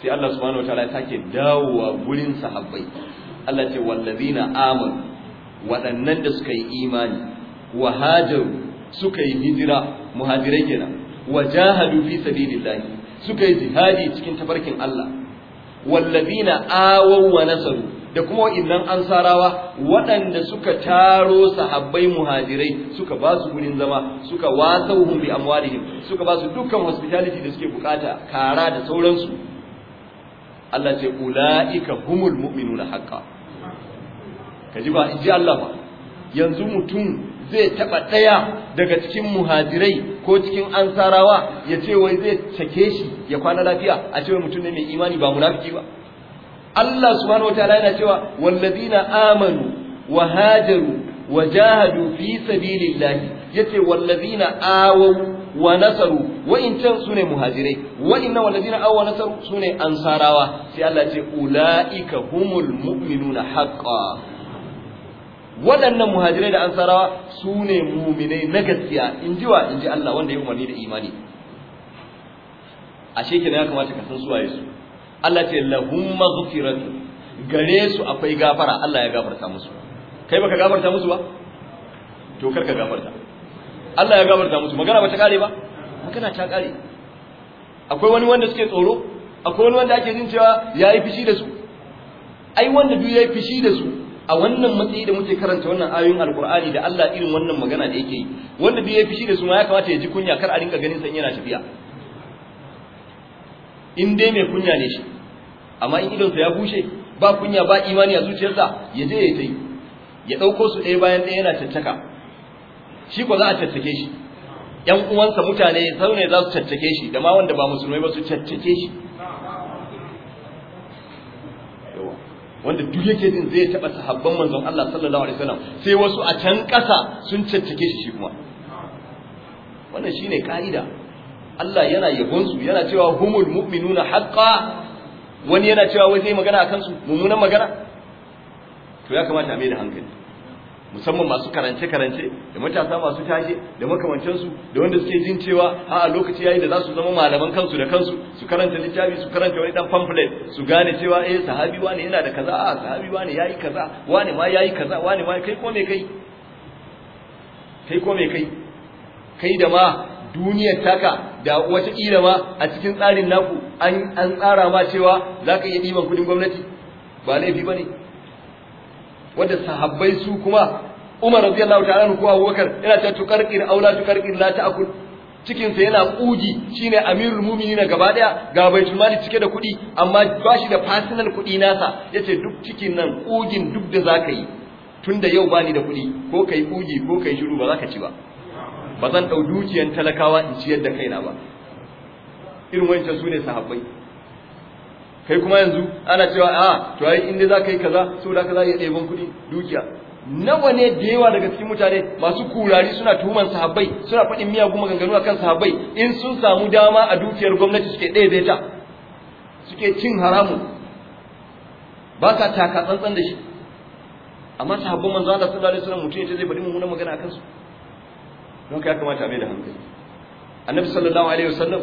S1: sai Allah subhanahu wataala ya sake dawowa gurin sahabbai Allah ce wallazina amanu waɗannan da suka yi imani wa hajaru suka yi hijira muhajirai kenan wa jahadu fi sabilillahi suka yi jihadi cikin tabarkin Allah na awaw wa nasaru da kuma wainnan ansarawa waɗanda suka taro sahabbai muhajirai suka ba su gurin zama suka wasa wasauhum bi amwalihim suka ba su dukkan hospitality da suke bukata kara da sauransu Allah ce ulaika humul mu'minuna haqqan kaji ba ji Allah ba yanzu mutum zai taɓa ɗaya daga cikin muhajirai ko cikin ansarawa ya ce wai zai sake shi ya kwana lafiya a ce mutum ne mai imani ba munafiki ba Allah subhanahu wataala yana cewa wallazina amanu wa hajaru wa jahadu fi sabilillahi yace wallazina Awau wa nasaru wa'incan sune muhajirai wa'inna wallazina Awau wa nasaru sune ansarawa sai Allah ya ce ulaika humul mu'minuna haqqan waɗannan muhajirai da ansarawa su ne muminai na gaskiya in ji wa in ji Allah wanda ya umarni da imani A kenan ya kamata ka san su waye su Allah ce lahum maghfirat gare su akwai gafara Allah ya gafarta musu kai baka gafarta musu ba to kar ka gafarta Allah ya gafarta musu magana ba ta kare ba magana ta kare akwai wani wanda suke tsoro akwai wani wanda ake jin cewa yayi fishi da su ai wanda duk yayi fishi da su a wannan matsayi da muke karanta wannan ayoyin alkur'ani da Allah irin wannan magana da yake yi wanda duk ya fishi da su ma ya kamata ya ji kunya kar a rinka ganin san yana tafiya in dai mai kunya ne shi amma in idonsa ya bushe ba kunya ba imani a zuciyarsa ya je ya yi ya ɗauko su ɗaya bayan ɗaya yana caccaka shi ko za a caccake shi ‘yan uwansa mutane sau ne za su caccake shi da ma wanda ba musulmai ba su caccake shi wanda duk yake din zai taba sahabban manzon Allah sallallahu alaihi wasallam sai wasu a can ƙasa sun cancake shi shi kuma wannan shine ka'ida Allah yana yabon su yana cewa humul mu'minuna haqqan wani yana cewa wai zai magana akan su mummunan magana to ya kamata a mai da hankali musamman masu karance-karance da matasa masu tashe da makamancinsu da wanda suke jin cewa a a lokaci yayi da za su zama malaman kansu da kansu su karanta littafi su karanta wani dan pamphlet su gane cewa eh sahabi wani yana da kaza a sahabi wani yayi kaza wani ma yayi kaza wani ma kai ko me kai kai ko me kai kai da ma duniyar taka da wata kila ma a cikin tsarin naku an an tsara ma cewa zaka iya diban kudin gwamnati ba laifi bane wanda sahabbai su kuma Umar radiyallahu ta'ala ko Bakar yana ta tukarqir aula tukarqir la ta'kul cikin sa yana kugi shine amirul mu'minin gaba daya ga baitul mali cike da kuɗi amma ba shi da personal kuɗi nasa yace duk cikin nan kugin duk da zaka yi tunda yau bani da kuɗi ko kai kugi ko kai shiru ba zaka ci ba bazan zan dau dukiyan talakawa in ciyar da kaina ba irin wancan sune sahabbai kai kuma yanzu ana cewa a ah, to ai inda za ka yi kaza saboda da kaza ya ɗeban kuɗi dukiya nawa ne da yawa daga cikin mutane masu kurari suna tuhuman sahabbai suna faɗin miyagun maganganu akan sahabbai in sun samu dama a dukiyar gwamnati suke ɗebe ta suke cin haramun ba sa taka tsantsan da shi amma sahabban manzo Allah sallallahu alaihi wasallam mutum yace zai bari mummunan magana a kansu? don ka ya kamata a mai da hankali annabi sallallahu alaihi wasallam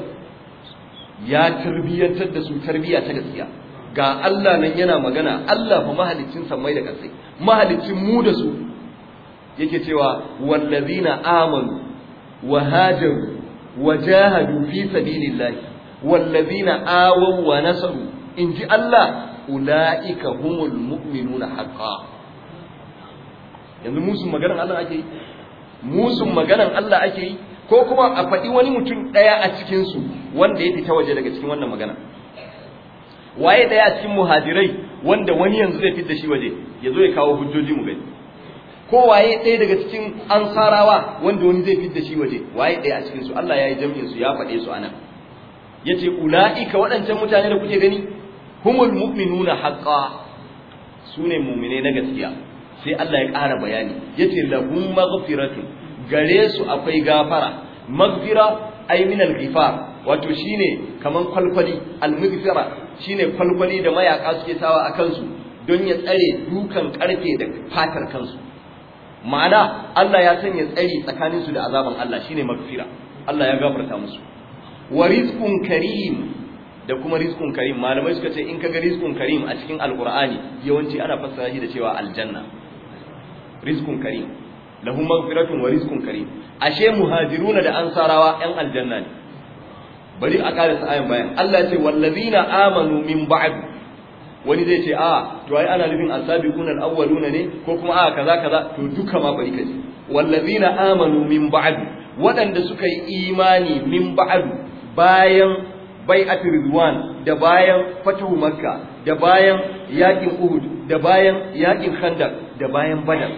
S1: ya tarbiyyantar da su tarbiya ta gaskiya ga Allah nan yana magana Allah fa mahalicin samai da kasai mahalicin mu da su yake cewa wallazina amanu wa hajaru wa jahadu fi sabilillahi wallazina awaw wa nasaru inji Allah ulaika humul mu'minuna haqqan yanzu musun maganar Allah ake yi musun maganar Allah ake yi ko kuma a faɗi wani mutum ɗaya a cikin su wanda ya fita waje daga cikin wannan magana waye daya a cikin muhajirai wanda wani yanzu zai fitar shi waje ya zo ya kawo hujjoji mu gani ko waye ɗaya daga cikin ansarawa wanda wani zai fitar shi waje waye ɗaya a cikin su Allah ya yi jami'in su ya faɗe su anan yace ulaika waɗancan mutane da kuke gani humul mu'minuna haqqan sune mu'mine na gaskiya sai Allah ya ƙara bayani yace lahum maghfiratun gare su akwai gafara maghfira ay min al-ghifar wato shine kaman kwalkwali almigfira shine kwalkwali da mayaka suke sawa a kansu don ya tsare dukan karfe da fatar kansu ma'ana Allah ya sanya tsari tsakanin su da azaban Allah shine magfira Allah ya gafarta musu wa rizqun karim da kuma rizqun karim malamai suka ce in kaga rizqun karim a cikin alqur'ani yawanci ana fassara shi da cewa aljanna rizqun karim lahum maghfiratun wa rizqun karim ashe muhajiruna da ansarawa yan aljanna ne bari a ƙarasa ayan bayan Allah ce wallazina amanu min ba'd wani zai ce a to ai ana nufin asabiqun alawwaluna ne ko kuma a kaza kaza to duka ma bari kaji wallazina amanu min ba'd waɗanda suka yi imani min ba'd bayan bai'at ridwan da bayan fatahu makka da bayan yakin uhud da bayan yakin khandaq da bayan badar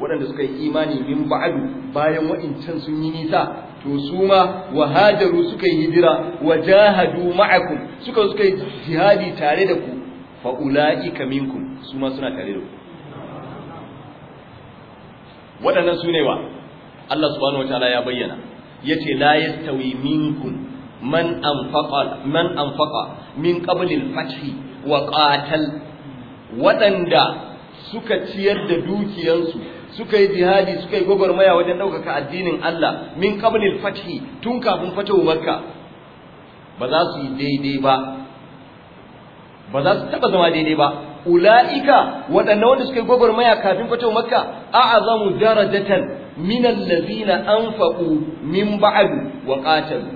S1: waɗanda suka yi imani min ba'd bayan wa'incan sun yi nisa to su ma wahajaru suka yi hijira wajahadu ma'akum suka suka yi jihadi tare da ku fa ulaika minkum su ma suna tare da ku waɗannan su ne wa Allah subhanahu wataala ya bayyana yace la yastawi minkum man anfaqa man anfaqa min qabli al-fath wa qatal waɗanda suka ciyar da dukiyansu suka yi jihadi suka yi gwagwarmaya wajen ɗaukaka addinin Allah min qablil fathi tun kafin fatahu makka ba za su yi daidai ba ba za su taba zama daidai ba ulaika waɗannan wanda suka yi gwagwarmaya kafin fatahu makka a'azamu darajatan min allazina anfaqu min ba'du wa qatalu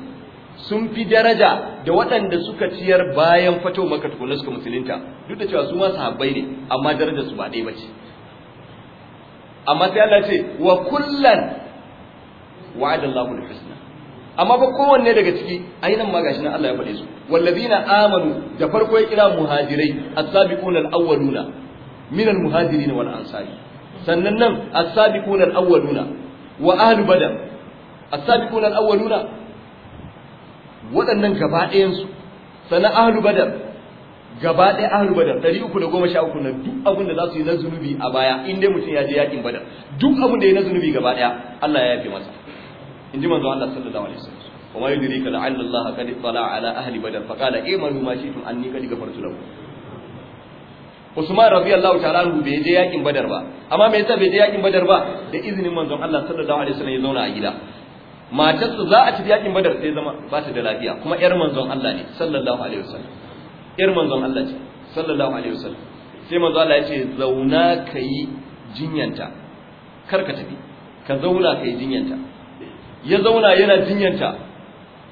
S1: sun fi daraja da waɗanda suka ciyar bayan fatahu makka tukunna suka musulunta duk da cewa su ma sahabbai ne amma darajar su ba ɗaya bace amma sai Allah ce wa kullan wa'adallahu al-husna amma ba kowanne daga ciki ma gashi nan Allah ya faɗe su wallazina amanu da farko ya kira muhajirai as-sabiquna al-awwaluna min al-muhajirin wal ansari sannan nan as-sabiquna al-awwaluna wa ahlu badr as-sabiquna al-awwaluna waɗannan gaba ɗayan su sannan ahlu badr gaba ɗaya ahlul badar ɗari uku da goma sha uku na duk abin da za su yi na zunubi a baya in dai mutum ya je yakin badar duk abin da ya na zunubi gaba ɗaya Allah ya yafe masa in ji manzo Allah sallallahu alaihi wasallam wa ma yudrika la'alla Allah qad tala ala ahli badar fa qala eh, man ma shi'tum anni qad ghafartu lahu Usman radiyallahu ta'ala anhu bai je yakin badar ba amma me yasa bai je yakin badar ba da izinin manzon Allah sallallahu alaihi wasallam ya zauna a gida matarsa za a ci yakin badar sai zama ba ta da lafiya kuma yar manzon Allah ne sallallahu alaihi wasallam yar manzon Allah ce sallallahu alaihi wasallam sai manzon Allah ya ce zauna kai jinyanta kar ka tafi ka zauna kai jinyanta ya zauna yana jinyanta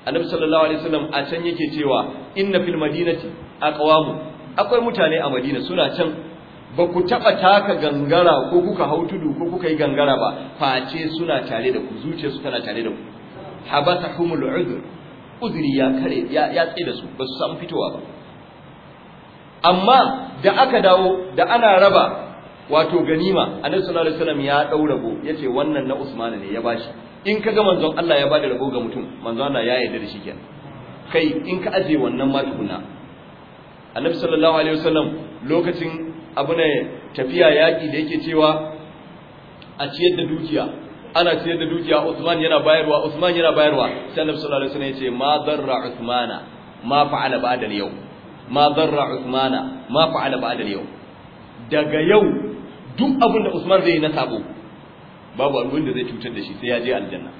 S1: annabi sallallahu alaihi wasallam a can yake cewa inna fil madinati aqwamu akwai mutane a madina suna can ba ku taɓa taka gangara ko kuka hau tudu ko kuka yi gangara ba face suna tare da ku zuciya su tana tare da ku habata humul uzur uzuri ya kare ya tsaye da su ba su san fitowa ba amma da aka dawo da ana raba wato ganima annabi sallallahu alaihi wasallam ya dau rabo yace wannan na Usman ne ya bashi in kaga manzon Allah ya bada rabo ga mutum manzon Allah ya yarda da shi kenan kai in ka aje wannan ma tukuna annabi sallallahu alaihi wasallam lokacin abu ne tafiya yaki da yake cewa a ciyar da dukiya ana ciyar da dukiya Usman yana bayarwa Usman yana bayarwa sai annabi sallallahu alaihi wasallam yace ma darra Usmana ma fa'ala ba'da al-yawm ma barra usmana ma fa'ala ba'da yau daga yau duk abin da usman zai yi na sabo babu abin da zai cutar da shi sai ya je aljanna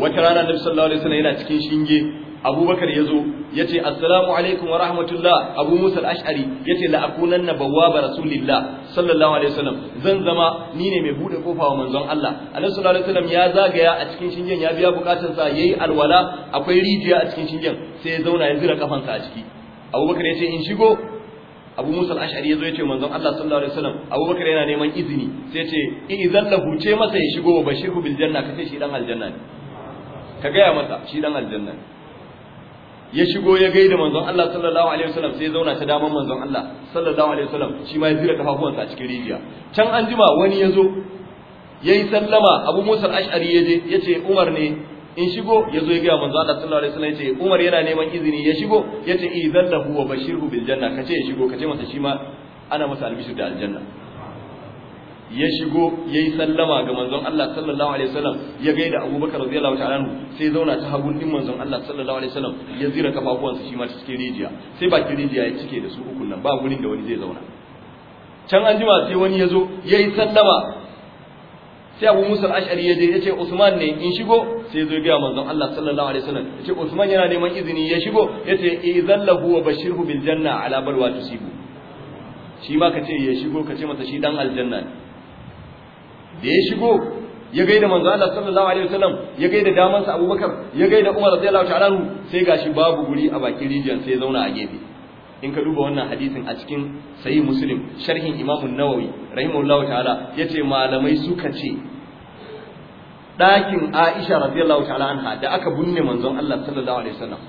S1: wata rana nabi sallallahu alaihi wasallam yana cikin shinge abubakar ya zo ya ce assalamu alaikum wa rahmatullah abu musa al-ash'ari ya ce la'akunan na bawa ba rasulillah sallallahu alaihi wasallam zan zama ni ne mai buɗe kofa wa manzon Allah alaihi sallallahu alaihi wasallam ya zagaya a cikin shingen ya biya bukatun sa yayi alwala akwai rijiya a cikin shingen sai ya zauna ya zira kafansa a ciki abubakar ya ce in shigo abu musa al-ash'ari ya zo ya ce manzon Allah sallallahu alaihi wasallam abubakar yana neman izini sai ya ce idan lahu ce masa ya shigo wa bashiru bil janna kace shi dan aljanna ne ka gaya masa shi dan aljanna ne ya shigo ya gaida manzon Allah sallallahu alaihi wasallam sai ya zauna ta daman manzon Allah sallallahu alaihi wasallam shi ma ya zira kafafuwansa a cikin rijiya can an jima wani ya zo ya yi sallama abu musa ash'ari ya je ya ce umar ne in shigo ya zo ya gaya manzon Allah sallallahu alaihi wasallam ya ce umar yana neman izini ya shigo ya ce idan lahu wa bashiru, bil janna kace ya shigo kace masa shi ma ana masa albishir da aljanna ya shigo ya yi sallama ga manzon Allah sallallahu alaihi wasallam ya gaida Bakar radiyallahu ta'ala anhu sai zauna ta hagun din manzon Allah sallallahu alaihi wasallam ya zira kafafuwansa shi ma cikin rijiya sai ba rijiya ya cike da su ukun nan ba gurin da wani zai zauna can an jima sai wani ya zo ya yi sallama sai Abu Musa al-Ash'ari ya je ya ce Usman ne in shigo sai ya zo ga manzon Allah sallallahu alaihi wasallam ya ce Usman yana neman izini ya shigo ya ce lahu wa bashirhu bil janna ala barwa tusibu shi ma ka ce ya shigo ka ce masa shi dan aljanna ne da ya shigo ya gaida manzo Allah sallallahu alaihi wasallam ya gaida daman sa Abubakar ya gaida Umar radiyallahu ta'ala anhu sai gashi babu guri a bakin rijiyar sai ya zauna a gefe in ka duba wannan hadisin a cikin sahih muslim sharhin imam an-nawawi rahimahullahu ta'ala yace malamai suka ce ɗakin Aisha radiyallahu ta'ala anha da aka binne manzon Allah sallallahu alaihi wasallam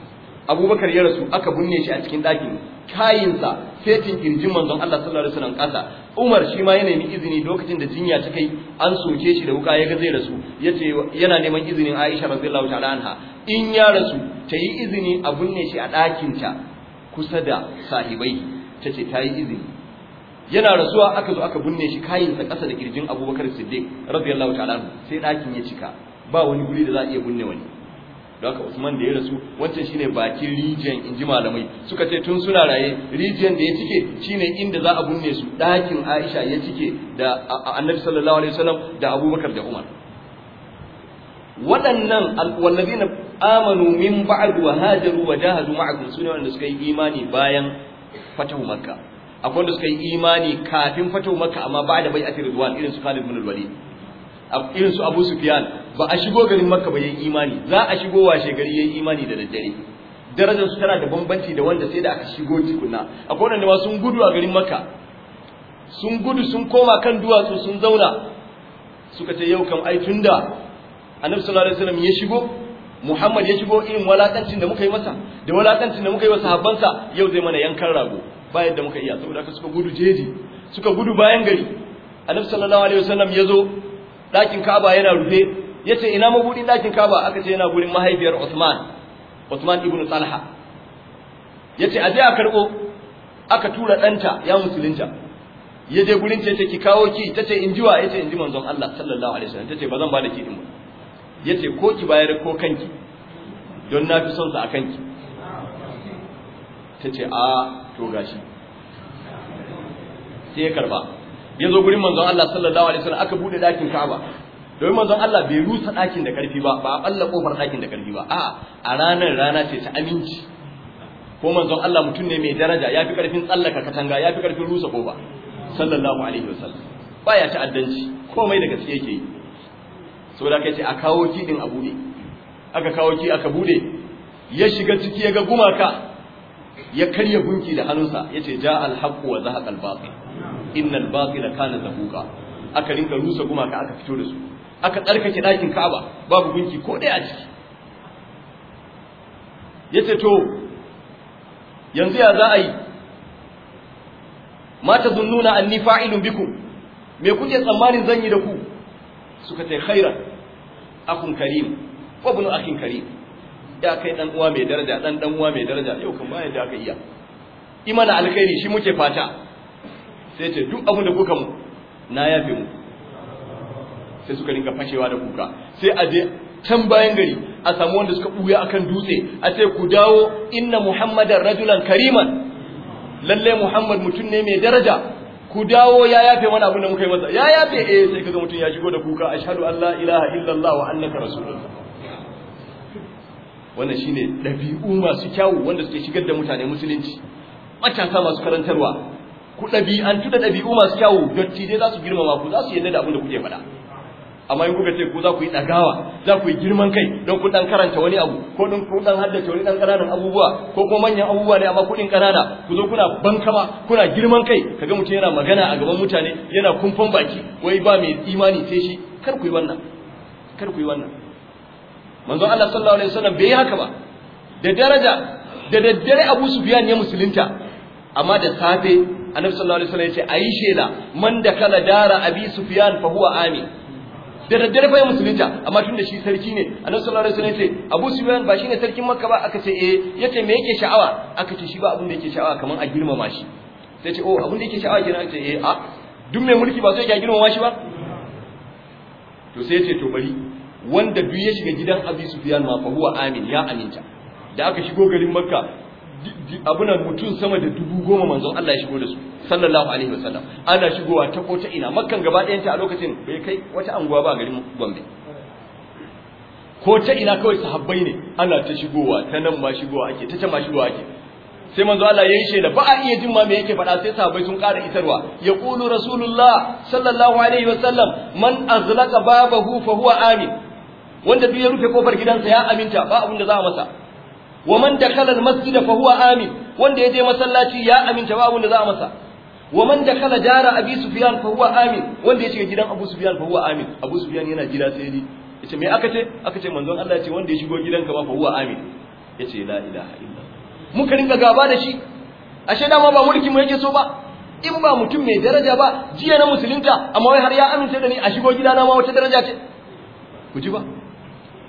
S1: abubakar ya rasu aka binne shi a cikin ɗakin kayinsa fetin ƙirjin manzon Allah sallallahu alaihi wasallam ƙasa Umar shi ma ya nemi izini lokacin da jinya ta kai an soke shi da wuka ya ga zai rasu yace yana neman izinin Aisha radhiyallahu ta'ala anha in ya rasu ta yi izini a binne shi a ɗakin ta kusa da sahibai tace ta yi izini yana rasuwa aka zo aka binne shi kayinsa ƙasa da kirjin Abubakar Siddiq radhiyallahu ta'ala sai ɗakin ya cika ba wani guri da za a iya binne wani don haka Usman da ya rasu wancan shine bakin region in ji malamai suka ce tun suna raye region da ya cike shine inda za a binne su ɗakin Aisha ya cike da Annabi sallallahu alaihi wasallam da Abubakar da Umar waɗannan na amanu min ba'd wa hajaru wa jahadu ma'akum wanda suka yi imani bayan fatahu makka akwai wanda suka yi imani kafin fatahu makka amma ba da bai'atir ridwan irin su Khalid bin irin su Abu Sufyan ba a shigo garin Makka ba yayin imani za a shigo washe gari yayin imani da daddare darajar su tana da bambanci da wanda sai da aka shigo tukuna akwai wanda ma sun gudu a garin Makka sun gudu sun koma kan duwatsu sun zauna suka ce yau kam ai tunda Annabi sallallahu alaihi wasallam ya shigo Muhammad ya shigo irin walakancin da muka yi masa da walakancin da muka yi wa sahabbansa yau zai mana yankan rago ba yadda muka iya saboda haka suka gudu jeji suka gudu bayan gari Annabi sallallahu alaihi wasallam ya zo ɗakin kaba yana rufe yace ina mabudin ɗakin kaba? aka ce yana gurin mahaifiyar Osman. Osman ibn Talha yace a je a karbo aka tura ɗanta ya musulunta ya je gurin ce ki kawo ki tace in jiwa yace in ji manzon Allah sallallahu alaihi wasallam tace ba zan ba da ki din ba yace ko ki bayar ko kanki don na fi son sa a kanki tace a ah, to gashi sai ya karba ya zo gurin manzon Allah sallallahu alaihi wasallam aka bude dakin Ka'aba domin manzon Allah bai rusa dakin da karfi ba ba a balla kofar dakin da karfi ba a a ranar rana ce ta aminci ko manzon Allah mutum ne mai daraja yafi karfin tsallaka katanga yafi karfin rusa kofa sallallahu alaihi wasallam baya ta'addanci komai da gaske yake yi saboda kai ce a kawo din a bude aka kawo ki aka bude ya shiga ciki ya ga gumaka ya karya gunki da hannunsa yace ja al-haqqu wa zahaqa al-batil innal batila kana zahuqa aka rinka rusa gumaka aka fito da su aka tsarkake ɗakin Ka'aba babu gunki ko ɗaya a ciki yace to yanzu ya za a yi mata zunnuna anni fa'ilun bikum me kuke tsammanin zan yi da ku suka ce khairan akun karim Ko bunu akin karim ya kai dan uwa mai daraja dan dan uwa mai daraja yau kan bayan da aka iya imana alkhairi shi muke fata sai ce duk abin da kuka mu na yafe mu sai suka rinka fashewa da kuka sai a je can bayan gari a samu wanda suka buya akan dutse a ce ku dawo inna muhammadan rajulan kariman lalle muhammad mutum ne mai daraja ku dawo ya yafe mana abin da muka yi masa ya yafe eh sai kaga mutum ya shigo da kuka ashhadu an la ilaha illallah wa annaka rasulullah wannan shine dabi'u masu kyawu wanda suke shigar da mutane musulunci matasa masu karantarwa ku ɗabi'antu da ɗabi'u masu kyawu dattijai za su girmama ku za su yadda da abin da kuke faɗa amma in kuka ce ku za ku yi ɗagawa za ku yi girman kai don ku ɗan karanta wani abu ko ɗin ku ɗan haddace wani ɗan ƙananan abubuwa ko kuma manyan abubuwa ne amma kuɗin ƙanana ku zo kuna bankama kuna girman kai kaga mutum yana magana a gaban mutane yana kumfan baki wai ba mai imani sai shi kar ku yi wannan kar ku yi wannan manzon Allah sallallahu alaihi wasallam bai yi haka ba da daraja da daddare Abu Sufyan ya musulunta amma da safe annabi sallallahu alaihi wasallam ya ce ayi sheda man da kala dara abi sufyan fa huwa amin da daddare fa ya musulunta amma tun da shi sarki ne annabi sallallahu alaihi wasallam ya ce abu sufyan ba shine sarkin makka ba aka ce eh yace me yake sha'awa aka ce shi ba abin da yake sha'awa kaman a girmama shi sai ce oh abin da yake sha'awa kenan ce eh a duk mai mulki ba sai ya girmama shi ba to sai ya ce to bari wanda duk ya shiga gidan abi sufyan ma fa huwa amin ya aminta da aka shigo garin makka abunan mutum sama da dubu goma manzon Allah ya shigo da su sallallahu alaihi wasallam ana shigowa ta ko ina makkan gaba ta a lokacin bai kai wata anguwa ba garin Gombe ko ta ina kawai sahabbai ne ana ta shigowa ta nan ma shigowa ake ta can ma shigowa ake sai manzo Allah ya yi shaida ba a iya jin ma me yake faɗa sai sahabbai sun ƙara isarwa ya qulu rasulullah sallallahu alaihi wasallam man azlaqa babahu fa huwa amin wanda duk ya rufe kofar gidansa ya aminta ba abin da za a masa wa man da al-masjid fa huwa amin wanda ya je masallaci ya aminta babu da za a masa wa man dakhala dara abi sufyan fa huwa amin wanda ya shiga gidan abu sufyan fa huwa amin abu sufyan yana gida sai ni yace me aka ce aka ce manzon Allah ce wanda ya shigo gidanka ba fa huwa amin yace la ilaha illa muka rinka gaba da shi ashe dama ba mulki mu yake so ba in ba mutum mai daraja ba jiya na musulunta amma wai har ya amince da ni a shigo gidana ma wata daraja ce ku ji ba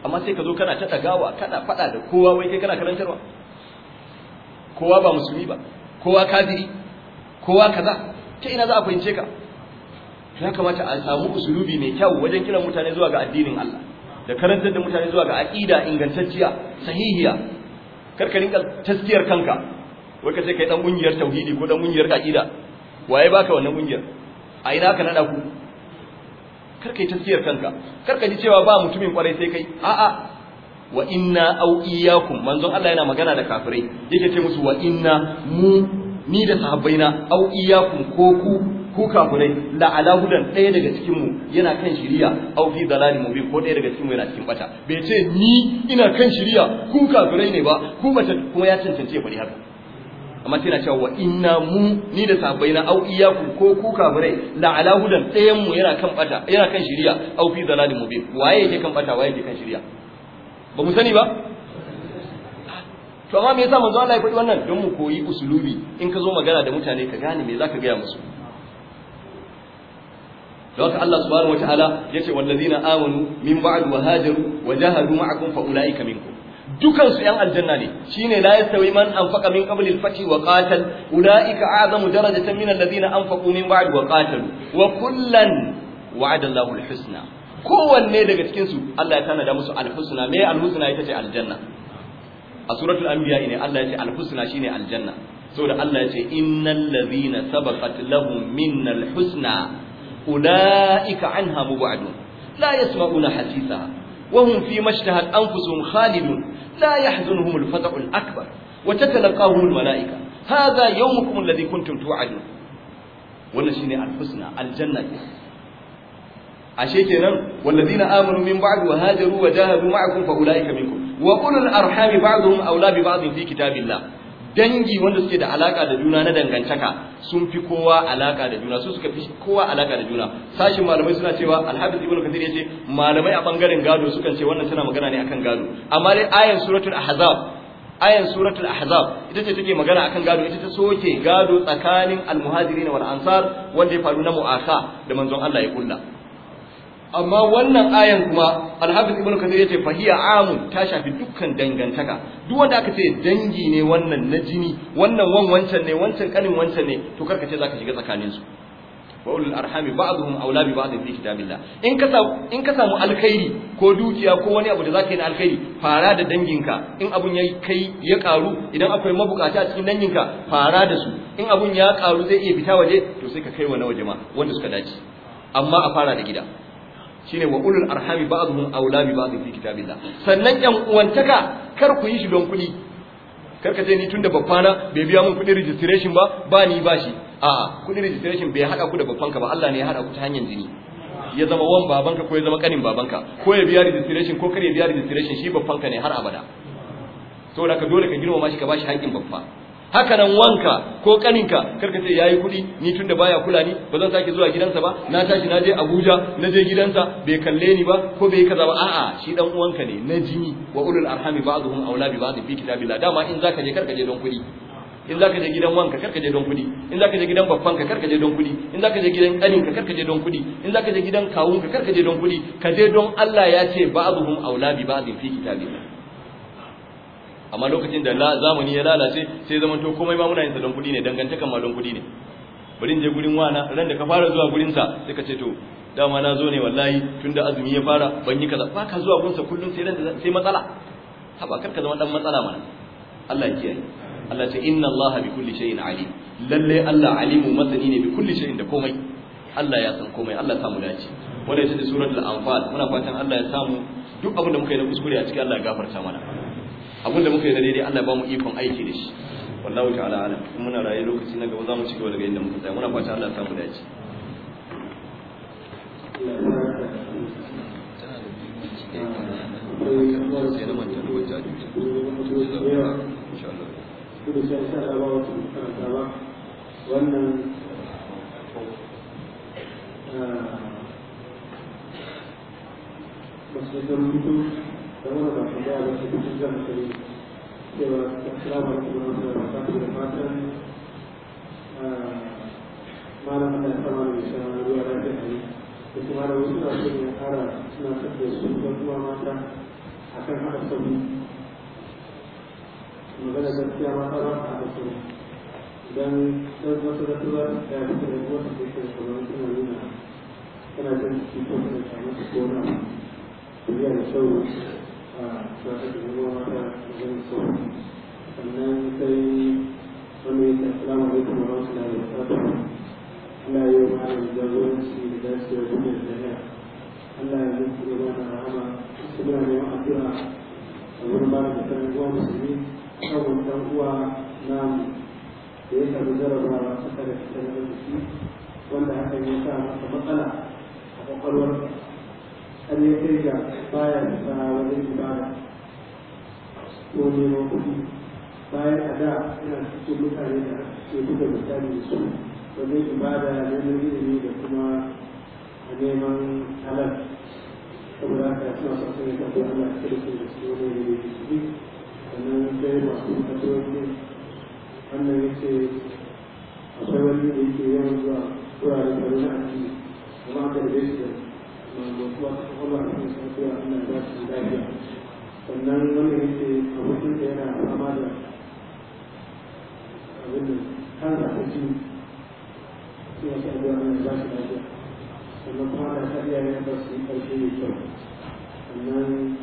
S1: amma sai ka zo kana ta dagawa kana faɗa da kowa wai kai kana karantarwa kowa ba musulmi ba kowa kafiri kowa kaza ta ina za a fahimce ka ya kamata a samu usulubi mai kyau wajen kiran mutane zuwa ga addinin Allah da karantar da mutane zuwa ga aqida ingantacciya sahihiya karka rinka taskiyar kanka wai ka sai kai dan kungiyar tauhidi ko dan kungiyar aqida waye baka wannan kungiyar a ina ka nada ku Kar ka yi taskiyar kanka Kar ka ji cewa ba mutumin kwarai sai kai a'a wa inna au iyyakum manzon Allah yana magana da kafirai yake ce musu wa inna mu ni da sahabbaina au iyyakum ko ku ku kafirai la ala hudan ɗaya daga cikin mu yana kan shiriya au fi dalalin mubin ko ɗaya daga cikin mu yana cikin bata bai ce ni ina kan shiriya ku kafirai ne ba ku mata kuma ya cancance bari haka amma sai na cewa wa inna mu ni da sabai na au iyaku ko ku kafirai la ala hudan ɗayan mu yana kan bata yana kan shari'a au fi dalalin mubin waye yake kan bata waye yake kan shari'a ba mu sani ba to amma me yasa manzo Allah ya faɗi wannan don mu koyi usulubi in ka zo magana da mutane ka gane me zaka gaya musu don haka Allah subhanahu wataala yace wallazina amanu min ba'd wa hajaru wa jahadu ma'akum fa ulaika minkum dukansu ‘yan aljanna ne shi ne la yastawi man anfaqa min qabli al-fathi wa qatal ulaika a'zamu darajatan min alladhina anfaqu min ba'd wa qatalu wa kullan wa'ada Allahu al-husna kowanne daga cikin su Allah ya tanada musu al-husna me al-husna ita ce aljanna a suratul anbiya ne Allah ya ce al-husna shine aljanna saboda Allah ya ce innal ladhina sabaqat lahum minna al-husna ulaika anha mubadun la yasma'una hasisaha وهم fi اشتهت أنفسهم خالدون لا يحزنهم الفزع الأكبر وتتلقاهم الملائكة هذا يومكم الذي كنتم توعدون wannan shine alhusna aljanna ashe kenan walladina amanu min ba'd wa hajaru wa jahadu ma'akum fa ulaika minkum wa ulul arhami ba'dhum awla bi ba'd dangi wanda suke da alaka da juna na dangantaka sun fi kowa alaka da juna su suka fi kowa alaka da juna sashin malamai suna cewa alhafiz ibn kathir yace malamai a bangaren gado sukan ce wannan tana magana ne akan gado amma dai ayan suratul ahzab ayan suratul ahzab ita ce take magana akan gado ita ta soke gado tsakanin almuhajirin wal ansar wanda ya faru na mu'akha da manzon Allah ya kulla amma wannan ayan kuma alhafiz ibnu kathir yace fahiya amun ta shafi dukkan dangantaka duk wanda aka ce dangi ne wannan na jini wannan wan wancan ne wancan kanin wancan ne to karka ce zaka shiga tsakanin su wa ulul arhami ba'dhum awla bi ba'd fi kitabillah in ka samu in ka samu alkhairi ko dukiya ko wani abu da zaka yi na alkhairi fara da danginka in abun yayi kai ya karu idan akwai mabukata a cikin danginka fara da su in abun ya karu zai iya fita waje to sai ka kai wa na waje ma wanda suka dace amma a fara da gida shine wa ulul arhami ba'dhum awla bi ba'd fi kitabillah sannan yan uwantaka kar ku yi shi don kuɗi kar ka ce ni tunda babbana bai biya mun kuɗin registration ba ba ni ba shi a kudin registration bai hada ku da babbanka ba Allah ne ya hada ku ta hanyar jini ya zama wan babanka ko ya zama kanin babanka ko ya biya registration ko kar ya biya registration shi babbanka ne har abada saboda ka dole ka girmama shi ka bashi haƙƙin babba haka nan wanka ko kaninka karka ce yayi kudi ni tunda baya kula ni ba zan sake zuwa gidansa ba na tashi na je Abuja na je gidansa bai kalle ni ba ko bai kaza ba a'a shi dan uwanka ne na jini wa ulul arhami ba'dhum aula bi ba'd fi kitabillah dama in zaka je karka je don kudi in zaka je gidan wanka karka je don kudi in zaka je gidan ka karka je don kudi in zaka je gidan ka karka je don kudi in zaka je gidan kawunka karka je don kudi ka je don Allah ya ce ba'dhum aula bi ba'd fi kitabillah amma lokacin da zamani ya lalace sai zaman to komai ma muna yin sa don kuɗi ne dangantakan ma don kuɗi ne bari je gurin wana ran da ka fara zuwa gurin sa sai ka ce to dama na zo ne wallahi tunda azumi ya fara ban yi kaza ba ka zuwa sa kullun sai ran sai matsala haba kar ka zama dan matsala mana Allah ya kiyaye Allah ce inna Allah bi kulli shay'in alim lalle Allah alimu masani ne bi kulli shay'in da komai Allah ya san komai Allah samu dace wannan shi ce suratul anfal muna fatan Allah ya samu duk abin da muka yi na kuskure a cikin Allah ya gafarta mana abin da muka yi na daidai Allah ba mu ikon aiki da shi wallahu ta'ala alam kuma muna rayu lokaci na gaba za mu ci gaba daga inda muka tsaya muna fata Allah ya
S4: samu dace wannan masu mutum zama da su ya da su cikin zama sai cewa assalamu alaikum wa rahmatullahi da fatan malam da da da ta kuma mata akan haka sabu magana gaskiya mata ba dan dan wasu da su ba da su da kuma su sannan sai wa rahmatullahi wa barakatuh yi wa jagoranci da dacewa da daya Allah da a wurin ba da kan uwa musulmi da ya da wanda a har ya kai ga baya isa wajen ibada ko neman kuɗi a da yana cikin mutane da ke buga misali da su wajen ibada neman ilimi da kuma neman halal saboda haka suna son sai ka ko Allah ya ne wannan akwai wani da yake yawan zuwa wuraren da wani a ciki kuma kuma a sannan wannan yake abokin da yana fama da abin da kansa ta jini sai wasu abuwa ana ba shi lafiya sannan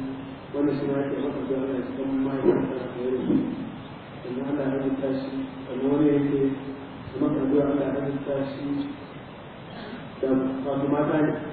S4: kuma ana ta ba su yi mai kyau sannan wani suna yake maka da ana cikin ma'aikata da yau sannan ana halitta shi sannan wani yake maka da ana halitta shi da wasu mata ne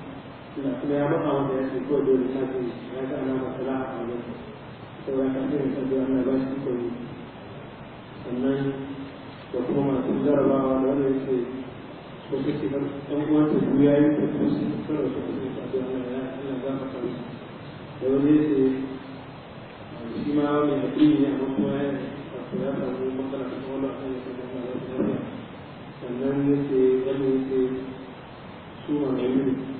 S4: suna kuma ya maka wanda ya ta a ka irin ba kuma da ya za a kan yasa ana lafiya sannan ya yi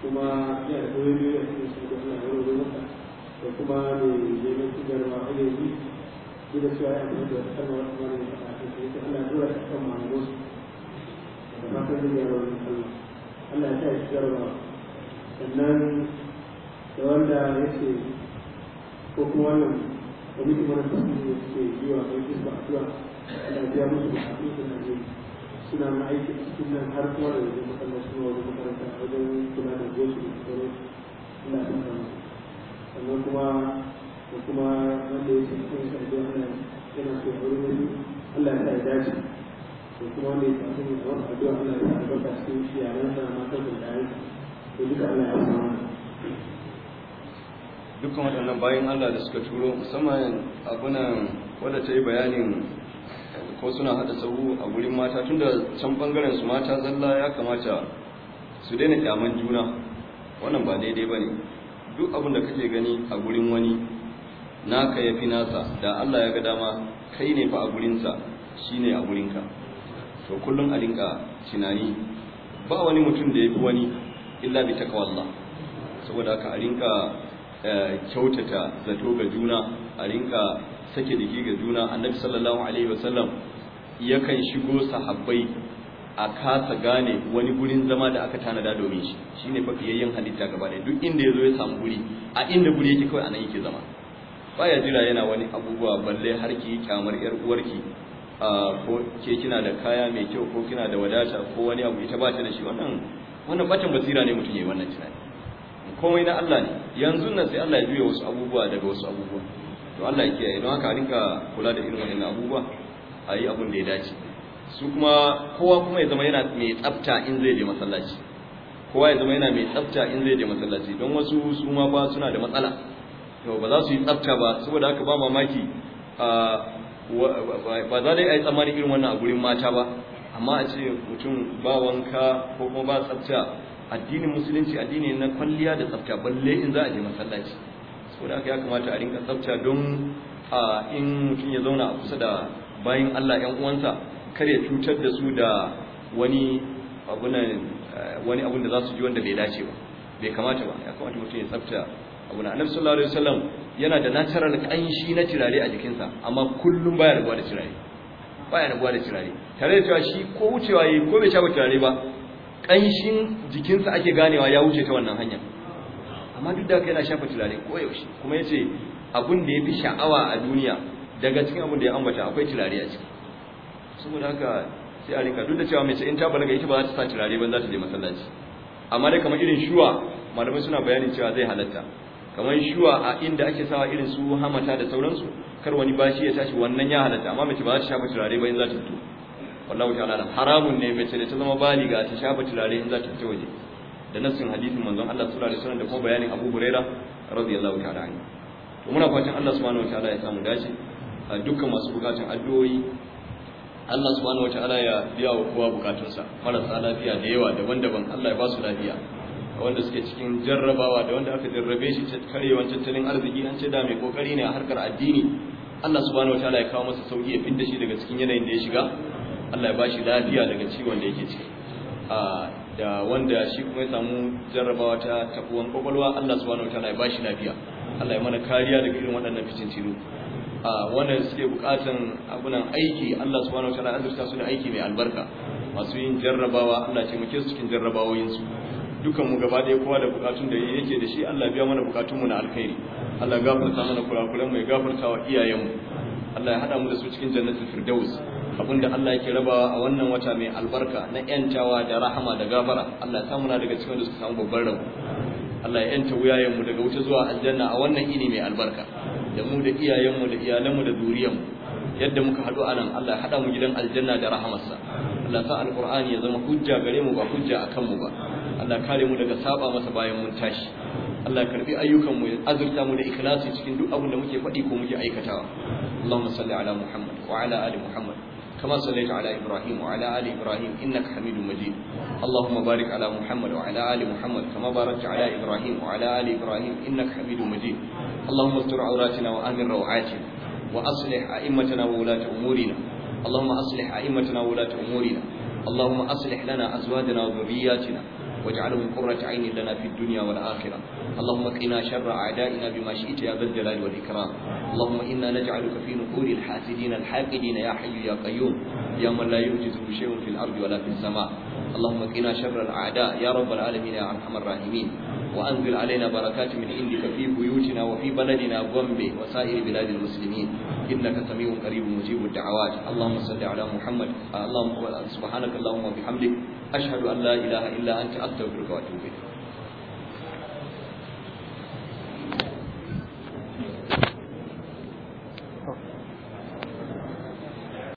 S4: kuma ya da koyo biyu a cikin su don yana yaro masa da kuma da su garba a yanzu duk da cewa ya kuma da da kama wasu ma ne a cikin su Allah ya dora ta kan malamu su da fatan zai yaro wani kalma Allah ya sa ya cigarwa sannan da wanda ya ce ko kuma wannan kwamitin wani kwamitin ya ce yi wa kai kisa a zuwa ana biya musu da na Najeriya suna na aiki a cikin nan har kuma da yanzu masallaci wa wani makaranta wajen kula da goshi da tsoro suna kan kan sannan kuma da kuma wanda ya san kan kan don ana yana so a wurin wani Allah ya ya dace da kuma wanda ya san kan a wani addu'a Allah ya sa albarka cikin shi yaran sa matan da yi da duka Allah ya sa mana
S1: dukkan waɗannan bayan Allah da suka turo musamman abunan wadda ta yi bayanin ko suna hada sabu a gurin mata tunda can bangaren su mata zalla ya kamata su daina kyaman juna wannan ba daidai ba ne duk abin da kake gani a gurin wani naka ya fi nasa da Allah ya ga dama kai ne fa a gurinsa shi ne a gurinka to kullum a dinka tunani ba wani mutum da ya fi wani illa bi takawallah saboda haka a rinka eh, kyautata zato ga juna a rinka sake jiki ga juna annabi sallallahu alaihi wasallam yakan shigo sahabbai a kasa gane wani gurin zama da aka tanada domin shi shine kiyayen halitta gaba da duk inda ya zo ya samu guri a inda guri yake kawai anan yake zama baya jira yana wani abubuwa balle har ki kyamar yar uwarki ko ke kina da kaya mai kyau ko kina da wadata ko wani abu ita ba ta da shi wannan wannan bacin basira ne mutum yayi wannan tunani komai na Allah ne yanzu nan sai Allah ya juya wasu abubuwa daga wasu abubuwa to Allah ya kiyaye don haka a rinka kula da irin wannan abubuwa a yi da ya dace su kuma kowa kuma ya zama yana mai tsafta in zai je masallaci kowa ya zama yana mai tsafta in zai je masallaci don wasu su ma ba suna da matsala to ba za su yi tsafta ba saboda haka ba mamaki ba za dai a yi tsammanin irin wannan a gurin mata ba amma a ce mutum ba wanka ko kuma ba tsafta addinin musulunci addini na kwalliya da tsafta balle in za a je masallaci saboda haka ya kamata a rinka tsafta don a in mutum ya zauna a kusa da bayan Allah ‘yan uwansa kar ya cutar da su da wani wani abun da za su ji wanda bai dace ba bai kamata ba ya kamata mutum ya tsafta abu na annabi sallallahu alaihi wasallam yana da natural kanshi na turare a jikinsa amma kullum baya rabuwa da turare baya rabuwa da turare tare da cewa shi ko wucewa yi ko bai sha ba turare ba kanshin jikinsa ake ganewa ya wuce ta wannan hanyar amma duk da haka yana shafa turare koyaushe kuma ya ce abun da ya fi sha'awa a duniya daga cikin abun da ya ambata akwai turare a ciki saboda haka sai a rika duk da cewa mace in ta balaga ita ba za ta sa turare ba za ta je masallaci amma dai kamar irin shuwa malamai suna bayanin cewa zai halatta kamar shuwa a inda ake sawa irin su hamata da sauransu kar wani bashi ya tashi wannan ya halatta amma mace ba za ta shafa turare ba in za ta fito wallahu ta'ala haramun ne mace da ta zama baliga ta shafa turare in za ta fito waje da nassin hadisin manzon Allah sallallahu alaihi wasallam da kuma bayanin Abu Huraira radiyallahu ta'ala anhu to muna fatan Allah subhanahu wataala ya samu dace dukkan masu bukatun addu'o'i Allah subhanahu wataala ya biya wa kowa bukatunsa marasa lafiya da yawa daban-daban Allah ya ba su lafiya wanda suke cikin jarrabawa da wanda aka jarrabe shi karewan tattalin arziki an ce da mai kokari ne a harkar addini Allah subhanahu wataala ya kawo masa sauki ya fidda shi daga cikin yanayin da ya shiga Allah ya ba shi lafiya daga ciwon da yake ciki ah, da wanda shi kuma ya samu jarrabawa ta tabuwan kwakwalwa Allah subhanahu wataala ya bashi lafiya Allah ya mana kariya daga irin waɗannan tilo a wanda suke bukatan abunan aiki Allah subhanahu wataala azurta su da aiki mai albarka masu yin jarrabawa Allah ce muke su cikin jarrabawoyin su dukan mu gaba ɗaya kowa da bukatun da yake da shi Allah biya mana bukatun mu na alkhairi Allah gafarta mana kurakuran mu ya gafarta wa iyayen mu Allah ya hada mu da su cikin jannatul firdaus da Allah yake rabawa a wannan wata mai albarka na yantawa da rahama da gafara Allah ta samu daga cikin da suka samu babban rabo Allah ya yanta wuyayenmu daga wuta zuwa aljanna a wannan ini mai albarka da mu da iyayenmu da iyalanmu da zuriyanmu. yadda muka haɗu a nan Allah ya haɗa mu gidan aljanna da rahamarsa Allah sa alƙur'ani ya zama hujja gare mu ba hujja a kanmu ba Allah kare mu daga saba masa bayan mun tashi Allah karbi ayyukan mu azurta mu da ikhlasi cikin duk abin da muke faɗi ko muke aikatawa Allahumma salli ala Muhammad wa ala ali Muhammad كما صليت على إبراهيم وعلى آل إبراهيم إنك حميد مجيد اللهم بارك على محمد وعلى آل محمد كما باركت على إبراهيم وعلى آل إبراهيم إنك حميد مجيد اللهم استر عوراتنا وآمن روعاتنا وأصلح أئمتنا وولاة أمورنا اللهم أصلح أئمتنا وولاة أمورنا اللهم أصلح لنا أزواجنا وذرياتنا واجعله قرة عين لنا في الدنيا والآخرة اللهم قنا شر أعدائنا بما شئت يا ذا الجلال والإكرام اللهم إنا نجعلك في نحور الحاسدين الحاقدين يا حي يا قيوم يا من لا يعجزه شيء في الأرض ولا في السماء اللهم قنا شر الأعداء يا رب العالمين يا أرحم الراحمين وأنزل علينا بركات من عندك في بيوتنا وفي بلدنا بومبي وسائر بلاد المسلمين إنك سميع قريب مجيب الدعوات اللهم صل على محمد اللهم سبحانك اللهم وبحمدك أشهد أن لا إله إلا أنت أستغفرك وأتوب إليك